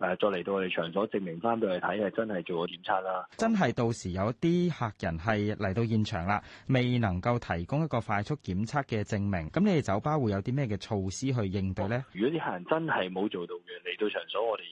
再嚟到我哋場所證明翻俾佢睇，係真係做咗檢測啦。真係到時有啲客人係嚟到現場啦，未能夠提供一個快速檢測嘅證明，咁你哋酒吧會有啲咩嘅措施去應對呢？如果啲客人真係冇做到嘅嚟到場所，我，我哋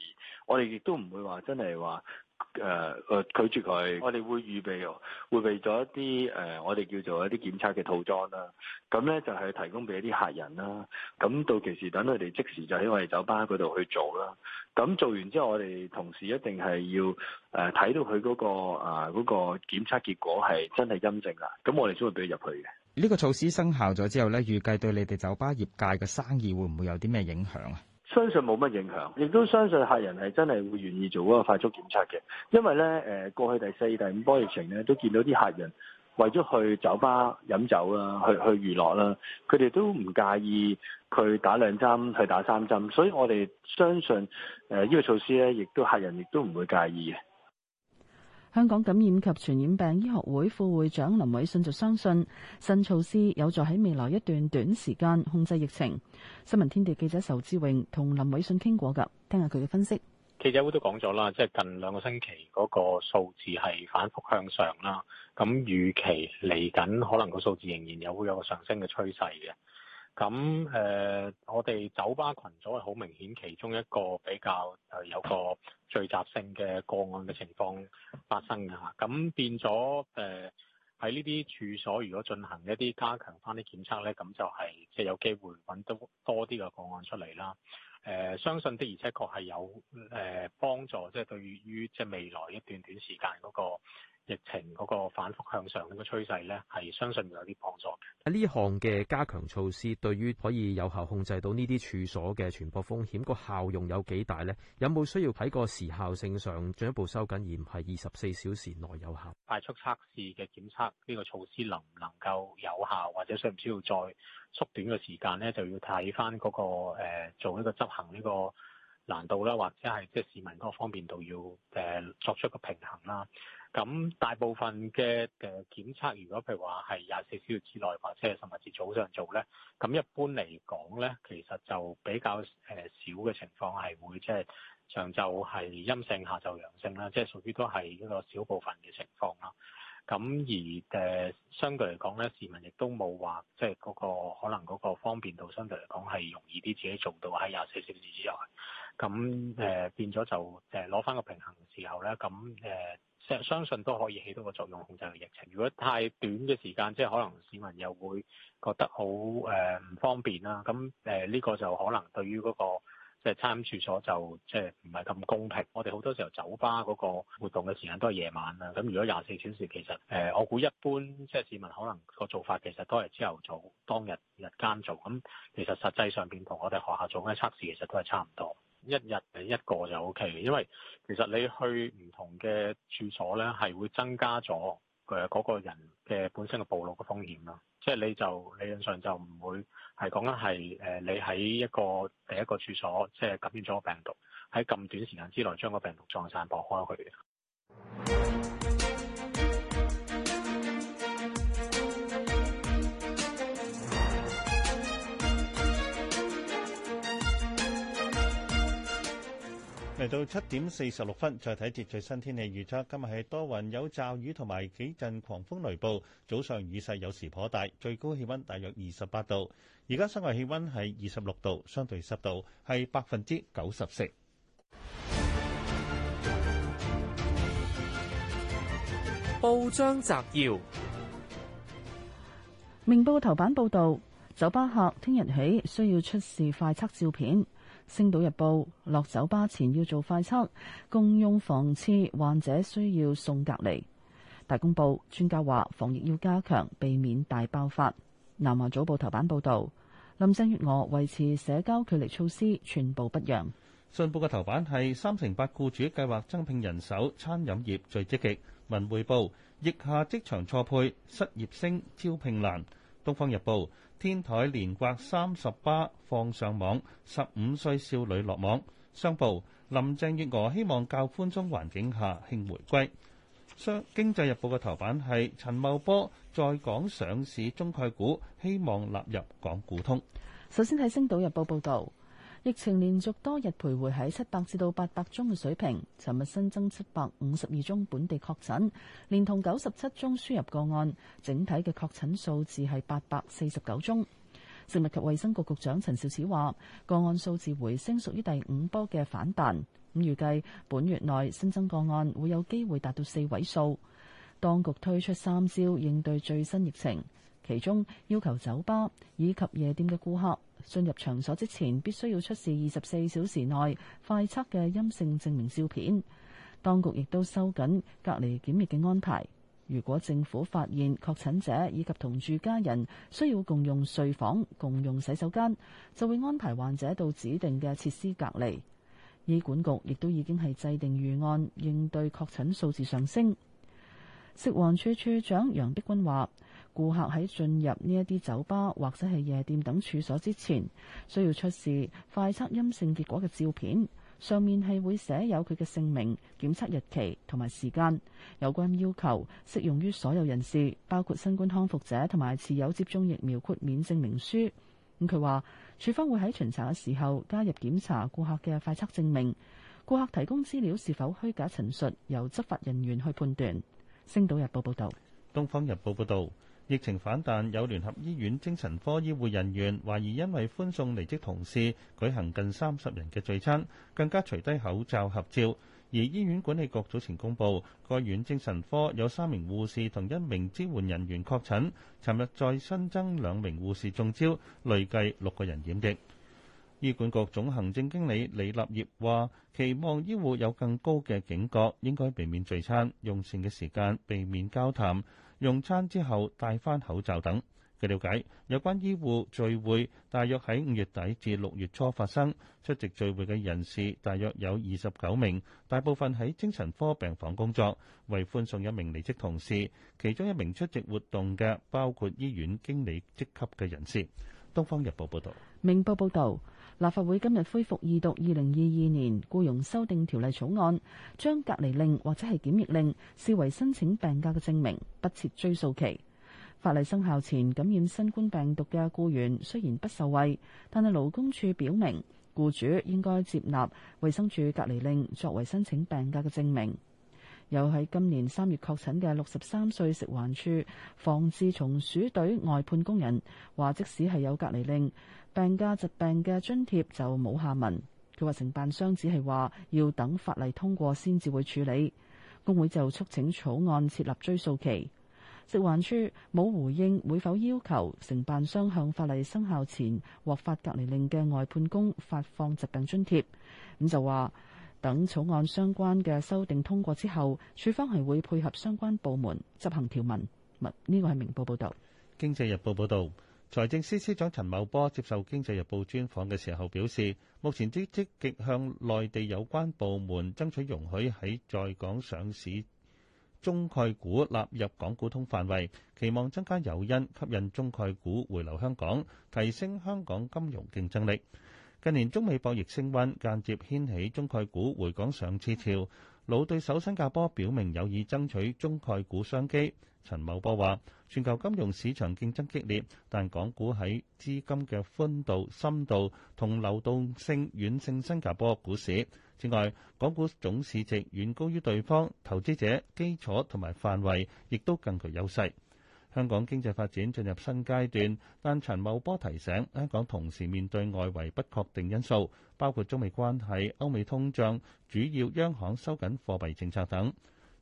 我哋亦都唔會話真係話。誒誒、呃、拒絕佢，我哋會預備，會備咗一啲誒、呃，我哋叫做一啲檢測嘅套裝啦。咁、啊、咧、嗯、就係、是、提供俾一啲客人啦。咁、啊、到期時等佢哋即時就喺我哋酒吧嗰度去做啦。咁、啊、做完之後，我哋同事一定係要誒睇、啊、到佢嗰、那個誒嗰、啊那個檢測結果係真係陰性啦。咁、啊、我哋先會俾佢入去嘅。呢個措施生效咗之後咧，預計對你哋酒吧業界嘅生意會唔會有啲咩影響啊？相信冇乜影響，亦都相信客人係真係會願意做嗰個快速檢測嘅，因為咧誒過去第四、第五波疫情咧都見到啲客人為咗去酒吧飲酒啦，去去娛樂啦，佢哋都唔介意佢打兩針，佢打三針，所以我哋相信誒呢、呃這個措施咧，亦都客人亦都唔會介意嘅。香港感染及傳染病醫學會副會長林偉信就相信新措施有助喺未來一段短時間控制疫情。新聞天地記者仇志榮同林偉信傾過噶，聽下佢嘅分析。記者會都講咗啦，即係近兩個星期嗰個數字係反覆向上啦，咁預期嚟緊可能個數字仍然有會有個上升嘅趨勢嘅。咁誒，我哋酒吧群組係好明顯，其中一個比較誒有個聚集性嘅個案嘅情況發生㗎。咁變咗誒喺呢啲處所，如果進行一啲加強返啲檢測呢，咁就係即係有機會揾到多啲嘅個案出嚟啦。誒，相信的而且確係有誒幫助，即係對於即係未來一段短時間嗰個。疫情嗰個反覆向上呢個趨勢咧，係相信有啲幫助嘅。喺呢項嘅加強措施，對於可以有效控制到呢啲處所嘅傳播風險，個效用有幾大咧？有冇需要喺個時效性上進一步收緊，而唔係二十四小時內有效？快速測試嘅檢測呢個措施能唔能夠有效，或者需唔需要再縮短個時間咧？就要睇翻嗰個誒、呃、做呢個執行呢個難度啦，或者係即係市民嗰個方便度要誒、呃、作出個平衡啦。咁大部分嘅誒檢測，如果譬如話係廿四小時之內，或者係十甚至早上做咧，咁一般嚟講咧，其實就比較誒少嘅情況係會即係上晝係陰性，下晝陽性啦，即係屬於都係一個小部分嘅情況啦。咁而誒、呃、相對嚟講咧，市民亦都冇話即係嗰、嗰個可能嗰個方便度相對嚟講係容易啲自己做到喺廿四小時之內。咁誒、呃、變咗就誒攞翻個平衡時候咧，咁誒。呃相信都可以起到個作用，控制個疫情。如果太短嘅時間，即係可能市民又會覺得好誒唔方便啦。咁誒呢個就可能對於嗰、嗰個即係餐飲處所就即係唔係咁公平。我哋好多時候酒吧嗰個活動嘅時間都係夜晚啦。咁如果廿四小時，其實誒、呃、我估一般即係市民可能個做法其實都係朝頭早當日日間做。咁其實實際上邊同我哋學校做嘅測試其實都係差唔多。一日嚟一個就 O K 嘅，因為其實你去唔同嘅住所咧，係會增加咗誒嗰個人嘅本身嘅暴露嘅風險啦。即係你就理論上就唔會係講緊係誒你喺一個第一個住所即係感染咗個病毒，喺咁短時間之內將個病毒撞散播開去。嚟到七點四十六分，再睇一節最新天氣預測。今日係多雲有驟雨同埋幾陣狂風雷暴，早上雨勢有時頗大，最高氣温大約二十八度。而家室外氣温係二十六度，相對濕度係百分之九十四。報章摘要：明報頭版報道，酒吧客聽日起需要出示快測照片。星島日報落酒吧前要做快測，共用房廁，患者需要送隔離。大公報專家話防疫要加強，避免大爆發。南華早報頭版報道，林鄭月娥維持社交距離措施，全部不讓。信報嘅頭版係三成八僱主計劃增聘人手，餐飲業最積極。文匯報疫下職場錯配，失業升，招聘難。《東方日報》天台連刮三十巴放上網，十五歲少女落網。商報林鄭月娥希望較寬鬆環境下慶回歸。商《經濟日報》嘅頭版係陳茂波在港上市中概股希望納入港股通。首先睇《星島日報,報道》報導。疫情連續多日徘徊喺七百至到八百宗嘅水平。尋日新增七百五十二宗本地確診，連同九十七宗輸入個案，整體嘅確診數字係八百四十九宗。食物及衛生局局長陳肇始話：個案數字回升屬於第五波嘅反彈。咁預計本月內新增個案會有機會達到四位數。當局推出三招應對最新疫情，其中要求酒吧以及夜店嘅顧客，進入場所之前，必須要出示二十四小時內快測嘅陰性證明照片。當局亦都收緊隔離檢疫嘅安排。如果政府發現確診者以及同住家人需要共用睡房、共用洗手間，就會安排患者到指定嘅設施隔離。醫管局亦都已經係制定預案，應對確診數字上升。食環署署長楊碧君話。顧客喺進入呢一啲酒吧或者係夜店等處所之前，需要出示快測陰性結果嘅照片，上面係會寫有佢嘅姓名、檢測日期同埋時間。有關要求適用於所有人士，包括新冠康復者同埋持有接種疫苗豁免證明書。咁佢話，處方會喺巡查嘅時候加入檢查顧客嘅快測證明。顧客提供資料是否虛假陳述，由執法人員去判斷。星島日報報道。東方日報報道。疫情反彈，有聯合醫院精神科醫護人員懷疑因為歡送離職同事舉行近三十人嘅聚餐，更加除低口罩合照。而醫院管理局早前公布，該院精神科有三名護士同一名支援人員確診，尋日再新增兩名護士中招，累計六個人染疫。醫管局總行政經理李立業話：期望醫護有更高嘅警覺，應該避免聚餐、用膳嘅時間，避免交談。用餐之後戴翻口罩等。據了解，有關醫護聚會大約喺五月底至六月初發生，出席聚會嘅人士大約有二十九名，大部分喺精神科病房工作，為歡送一名離職同事，其中一名出席活動嘅包括醫院經理職級嘅人士。《東方日報》報道，《明報》報道。立法會今日恢復二讀《二零二二年僱傭修訂條例草案》，將隔離令或者係檢疫令視為申請病假嘅證明，不設追溯期。法例生效前感染新冠病毒嘅僱員雖然不受惠，但係勞工處表明僱主應該接納衛生署隔離令作為申請病假嘅證明。又喺今年三月確診嘅六十三歲食環署防治蟲鼠隊外判工人話，即使係有隔離令。病假疾病嘅津貼就冇下文。佢話承辦商只係話要等法例通過先至會處理。工會就促請草案設立追溯期。食環署冇回應會否要求承辦商向法例生效前獲發隔離令嘅外判工發放疾病津貼，咁就話等草案相關嘅修訂通過之後，處方係會配合相關部門執行條文。呢個係《明報》報道。經濟日報》報道。財政司司長陳茂波接受《經濟日報》專訪嘅時候表示，目前正積極向內地有關部門爭取容許喺在在港上市中概股納入港股通範圍，期望增加誘因，吸引中概股回流香港，提升香港金融競爭力。近年中美博弈升溫，間接掀起中概股回港上市潮，老對手新加坡表明有意爭取中概股商機。陳茂波話：全球金融市場競爭激烈，但港股喺資金嘅寬度、深度同流動性遠勝新加坡股市。此外，港股總市值遠高於對方，投資者基礎同埋範圍亦都更具優勢。香港經濟發展進入新階段，但陳茂波提醒，香港同時面對外圍不確定因素，包括中美關係、歐美通脹、主要央行收緊貨幣政策等。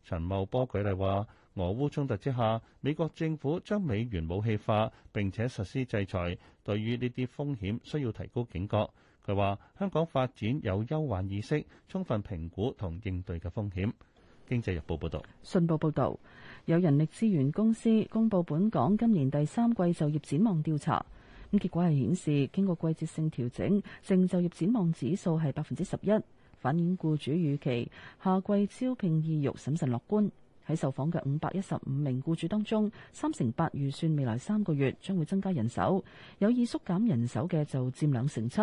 陳茂波舉例話，俄烏衝突之下，美國政府將美元武器化，並且實施制裁，對於呢啲風險需要提高警覺。佢話香港發展有憂患意識，充分評估同應對嘅風險。經濟日報報道，信報報道，有人力資源公司公布本港今年第三季就業展望調查，咁結果係顯示，經過季節性調整，正就業展望指數係百分之十一。反映雇主預期下季招聘意欲審慎樂觀。喺受訪嘅五百一十五名雇主當中，三成八預算未來三個月將會增加人手，有意縮減人手嘅就佔兩成七。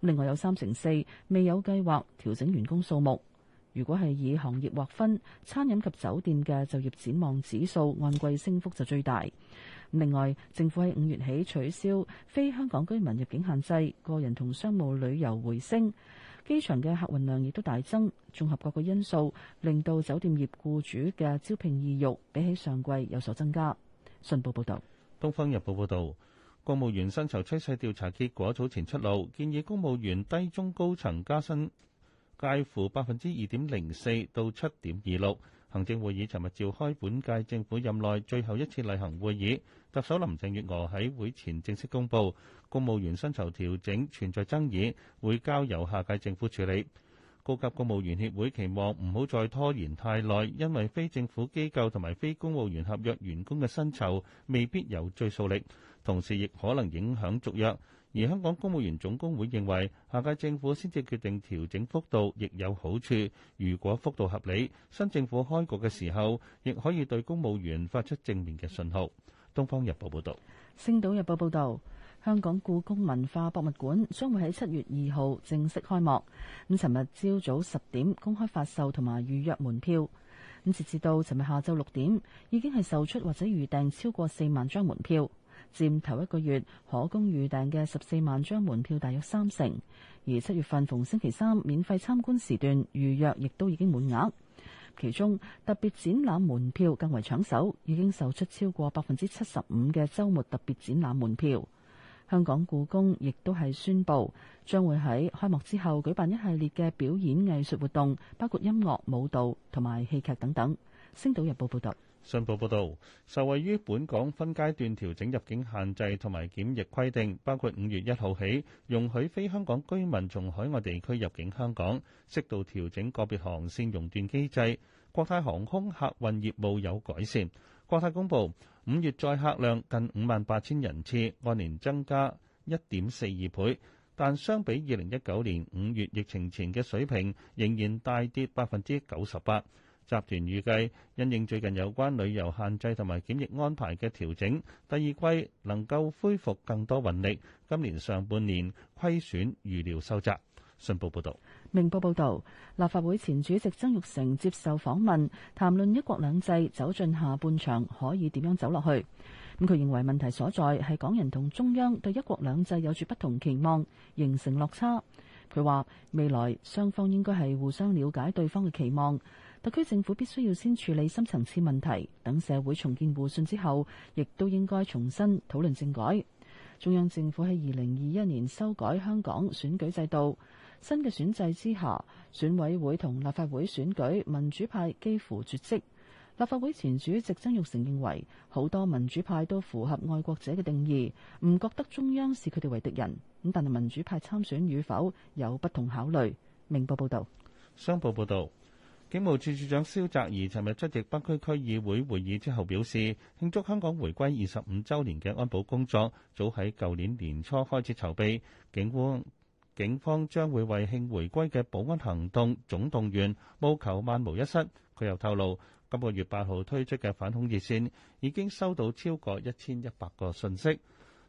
另外有三成四未有計劃調整員工數目。如果係以行業劃分，餐飲及酒店嘅就業展望指數按季升幅就最大。另外，政府喺五月起取消非香港居民入境限制，個人同商務旅遊回升。機場嘅客運量亦都大增，綜合各個因素，令到酒店業僱主嘅招聘意欲比起上季有所增加。信報報導，《東方日報》報道：「公務員薪酬趨勢調查結果早前出爐，建議公務員低中高層加薪介乎百分之二點零四到七點二六。」行政會議尋日召開本屆政府任內最後一次例行會議，特首林鄭月娥喺會前正式公布，公務員薪酬調整存在爭議，會交由下屆政府處理。高級公務員協會期望唔好再拖延太耐，因為非政府機構同埋非公務員合約員，員工嘅薪酬未必有追溯力，同時亦可能影響續約。而香港公務員總工會認為下屆政府先至決定調整幅度，亦有好處，如果幅度合理，新政府開局嘅時候，亦可以對公務員發出正面嘅信號。東方日報報道。星島日報報道，香港故宮文化博物館將會喺七月二號正式開幕。咁，尋日朝早十點公開發售同埋預約門票。咁，截至到尋日下晝六點，已經係售出或者預訂超過四萬張門票。佔頭一個月可供預訂嘅十四萬張門票大約三成，而七月份逢星期三免費參觀時段預約亦都已經滿額。其中特別展覽門票更為搶手，已經售出超過百分之七十五嘅週末特別展覽門票。香港故宮亦都係宣布，將會喺開幕之後舉辦一系列嘅表演藝術活動，包括音樂、舞蹈同埋戲劇等等。星島日報報道。信報報導，受惠於本港分階段調整入境限制同埋檢疫規定，包括五月一號起容許非香港居民從海外地區入境香港，適度調整個別航線熔斷機制。國泰航空客運業務有改善。國泰公佈五月載客量近五萬八千人次，按年增加一點四二倍，但相比二零一九年五月疫情前嘅水平，仍然大跌百分之九十八。集團預計因應最近有關旅遊限制同埋檢疫安排嘅調整，第二季能夠恢復更多運力。今年上半年虧損預料收窄。信報報導，明報報導，立法會前主席曾鈺成接受訪問，談論一國兩制走進下半場可以點樣走落去。咁佢認為問題所在係港人同中央對一國兩制有住不同期望，形成落差。佢話未來雙方應該係互相了解對方嘅期望。特區政府必須要先處理深層次問題，等社會重建互信之後，亦都應該重新討論政改。中央政府喺二零二一年修改香港選舉制度，新嘅選制之下，選委會同立法會選舉民主派幾乎絕跡。立法會前主席曾玉成認為，好多民主派都符合愛國者嘅定義，唔覺得中央視佢哋為敵人。咁但係民主派參選與否有不同考慮。明報報道。商報報導。警務處處長蕭澤頤尋日出席北區區議會會議之後表示，慶祝香港回歸二十五周年嘅安保工作早喺舊年年初開始籌備，警方警方將會為慶回歸嘅保安行動總動員，務求萬無一失。佢又透露，今個月八號推出嘅反恐熱線已經收到超過一千一百個訊息。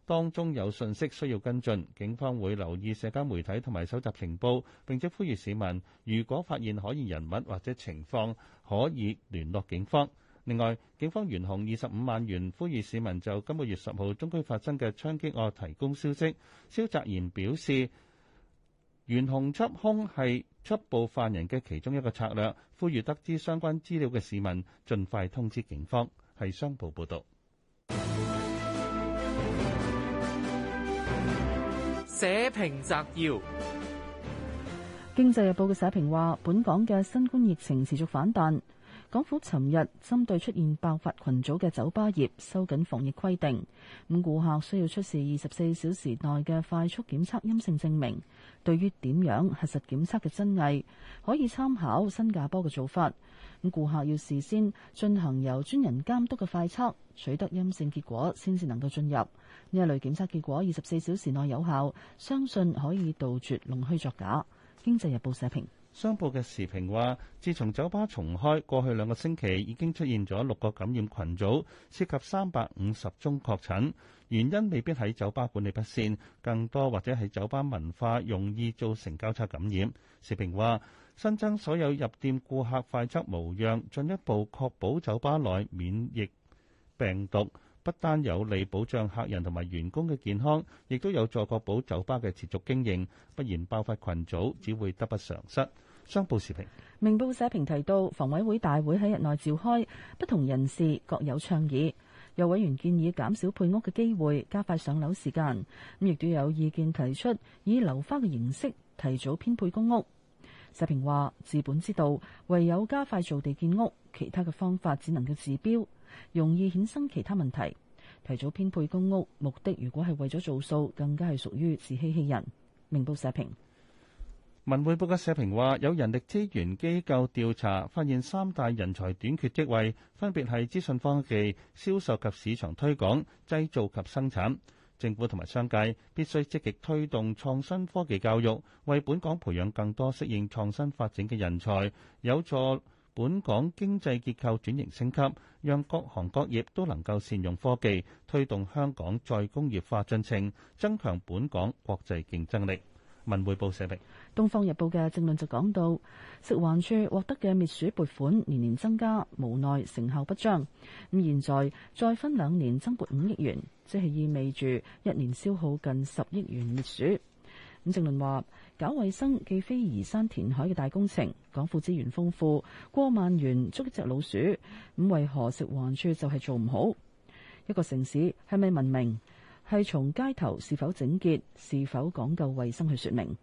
當中有信息需要跟進，警方會留意社交媒體同埋搜集情報，並且呼籲市民如果發現可疑人物或者情況，可以聯絡警方。另外，警方懸紅二十五萬元呼籲市民就今個月十號中區發生嘅槍擊案提供消息。蕭澤頤表示，懸紅緝兇係緝捕犯人嘅其中一個策略，呼籲得知相關資料嘅市民盡快通知警方。係商報報道。社評摘要。經濟日報嘅社評話，本港嘅新冠疫情持續反彈，港府尋日針對出現爆發群組嘅酒吧業收緊防疫規定，咁顧客需要出示二十四小時內嘅快速檢測陰性證明。對於點樣核實檢測嘅真偽，可以參考新加坡嘅做法。咁顧客要事先進行由專人監督嘅快測，取得陰性結果，先至能夠進入。呢一類檢測結果二十四小時內有效，相信可以杜絕弄虛作假。經濟日報社評。商報嘅時評話：自從酒吧重開，過去兩個星期已經出現咗六個感染群組，涉及三百五十宗確診。原因未必喺酒吧管理不善，更多或者喺酒吧文化容易造成交叉感染。時評話：新增所有入店顧客快測無恙，進一步確保酒吧內免疫病毒。不單有利保障客人同埋員工嘅健康，亦都有助確保酒吧嘅持續經營。不然爆發群組，只會得不償失。商報視頻。明報社評提到，房委會大會喺日內召開，不同人士各有倡議。有委員建議減少配屋嘅機會，加快上樓時間。咁亦都有意見提出以樓花嘅形式提早編配公屋。社評話：治本之道，唯有加快造地建屋，其他嘅方法只能夠治標。容易衍生其他問題，提早編配公屋目的，如果係為咗做數，更加係屬於自欺欺人。明報社評。文匯報嘅社評話，有人力資源機構調查發現，三大人才短缺職位分別係資訊科技、銷售及市場推廣、製造及生產。政府同埋商界必須積極推動創新科技教育，為本港培養更多適應創新發展嘅人才，有助本港經濟結構轉型升級。讓各行各業都能夠善用科技，推動香港再工業化進程，增強本港國際競爭力。文匯報寫明，《東方日報》嘅政論就講到，食環署獲得嘅滅鼠撥款年年增加，無奈成效不彰。咁現在再分兩年增撥五億元，即係意味住一年消耗近十億元滅鼠。正論話：搞衛生既非移山填海嘅大工程，港府資源豐富，過萬元捉一隻老鼠。咁為何食環處就係做唔好一個城市係咪文明，係從街頭是否整潔、是否講究衛生去說明。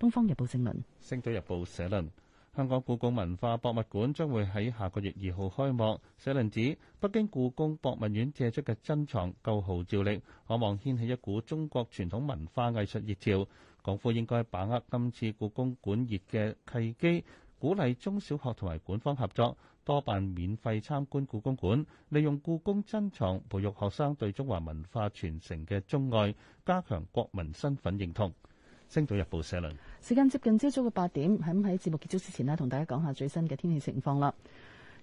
《東方日報》正論，《星島日報》社論：香港故宮文化博物館將會喺下個月二號開幕。社論指北京故宮博物院借出嘅珍藏夠號召力，可望掀起一股中國傳統文化藝術熱潮。港府應該把握今次故宮館熱嘅契機，鼓勵中小學同埋官方合作，多辦免費參觀故宮館，利用故宮珍藏培育學生對中華文化傳承嘅鍾愛，加強國民身份認同。星島日報社論。時間接近朝早嘅八點，喺唔喺節目結束之前咧，同大家講下最新嘅天氣情況啦。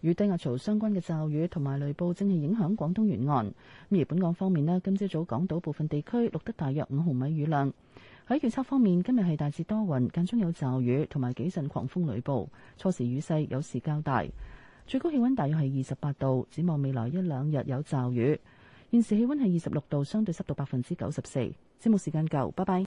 與低壓槽相關嘅驟雨同埋雷暴正係影響廣東沿岸，而本港方面咧，今朝早港島部分地區錄得大約五毫米雨量。喺預測方面，今日係大致多雲，間中有驟雨同埋幾陣狂風雷暴，初時雨勢有時較大，最高氣溫大約係二十八度。展望未來一兩日有驟雨，現時氣溫係二十六度，相對濕度百分之九十四。節目時間夠，拜拜。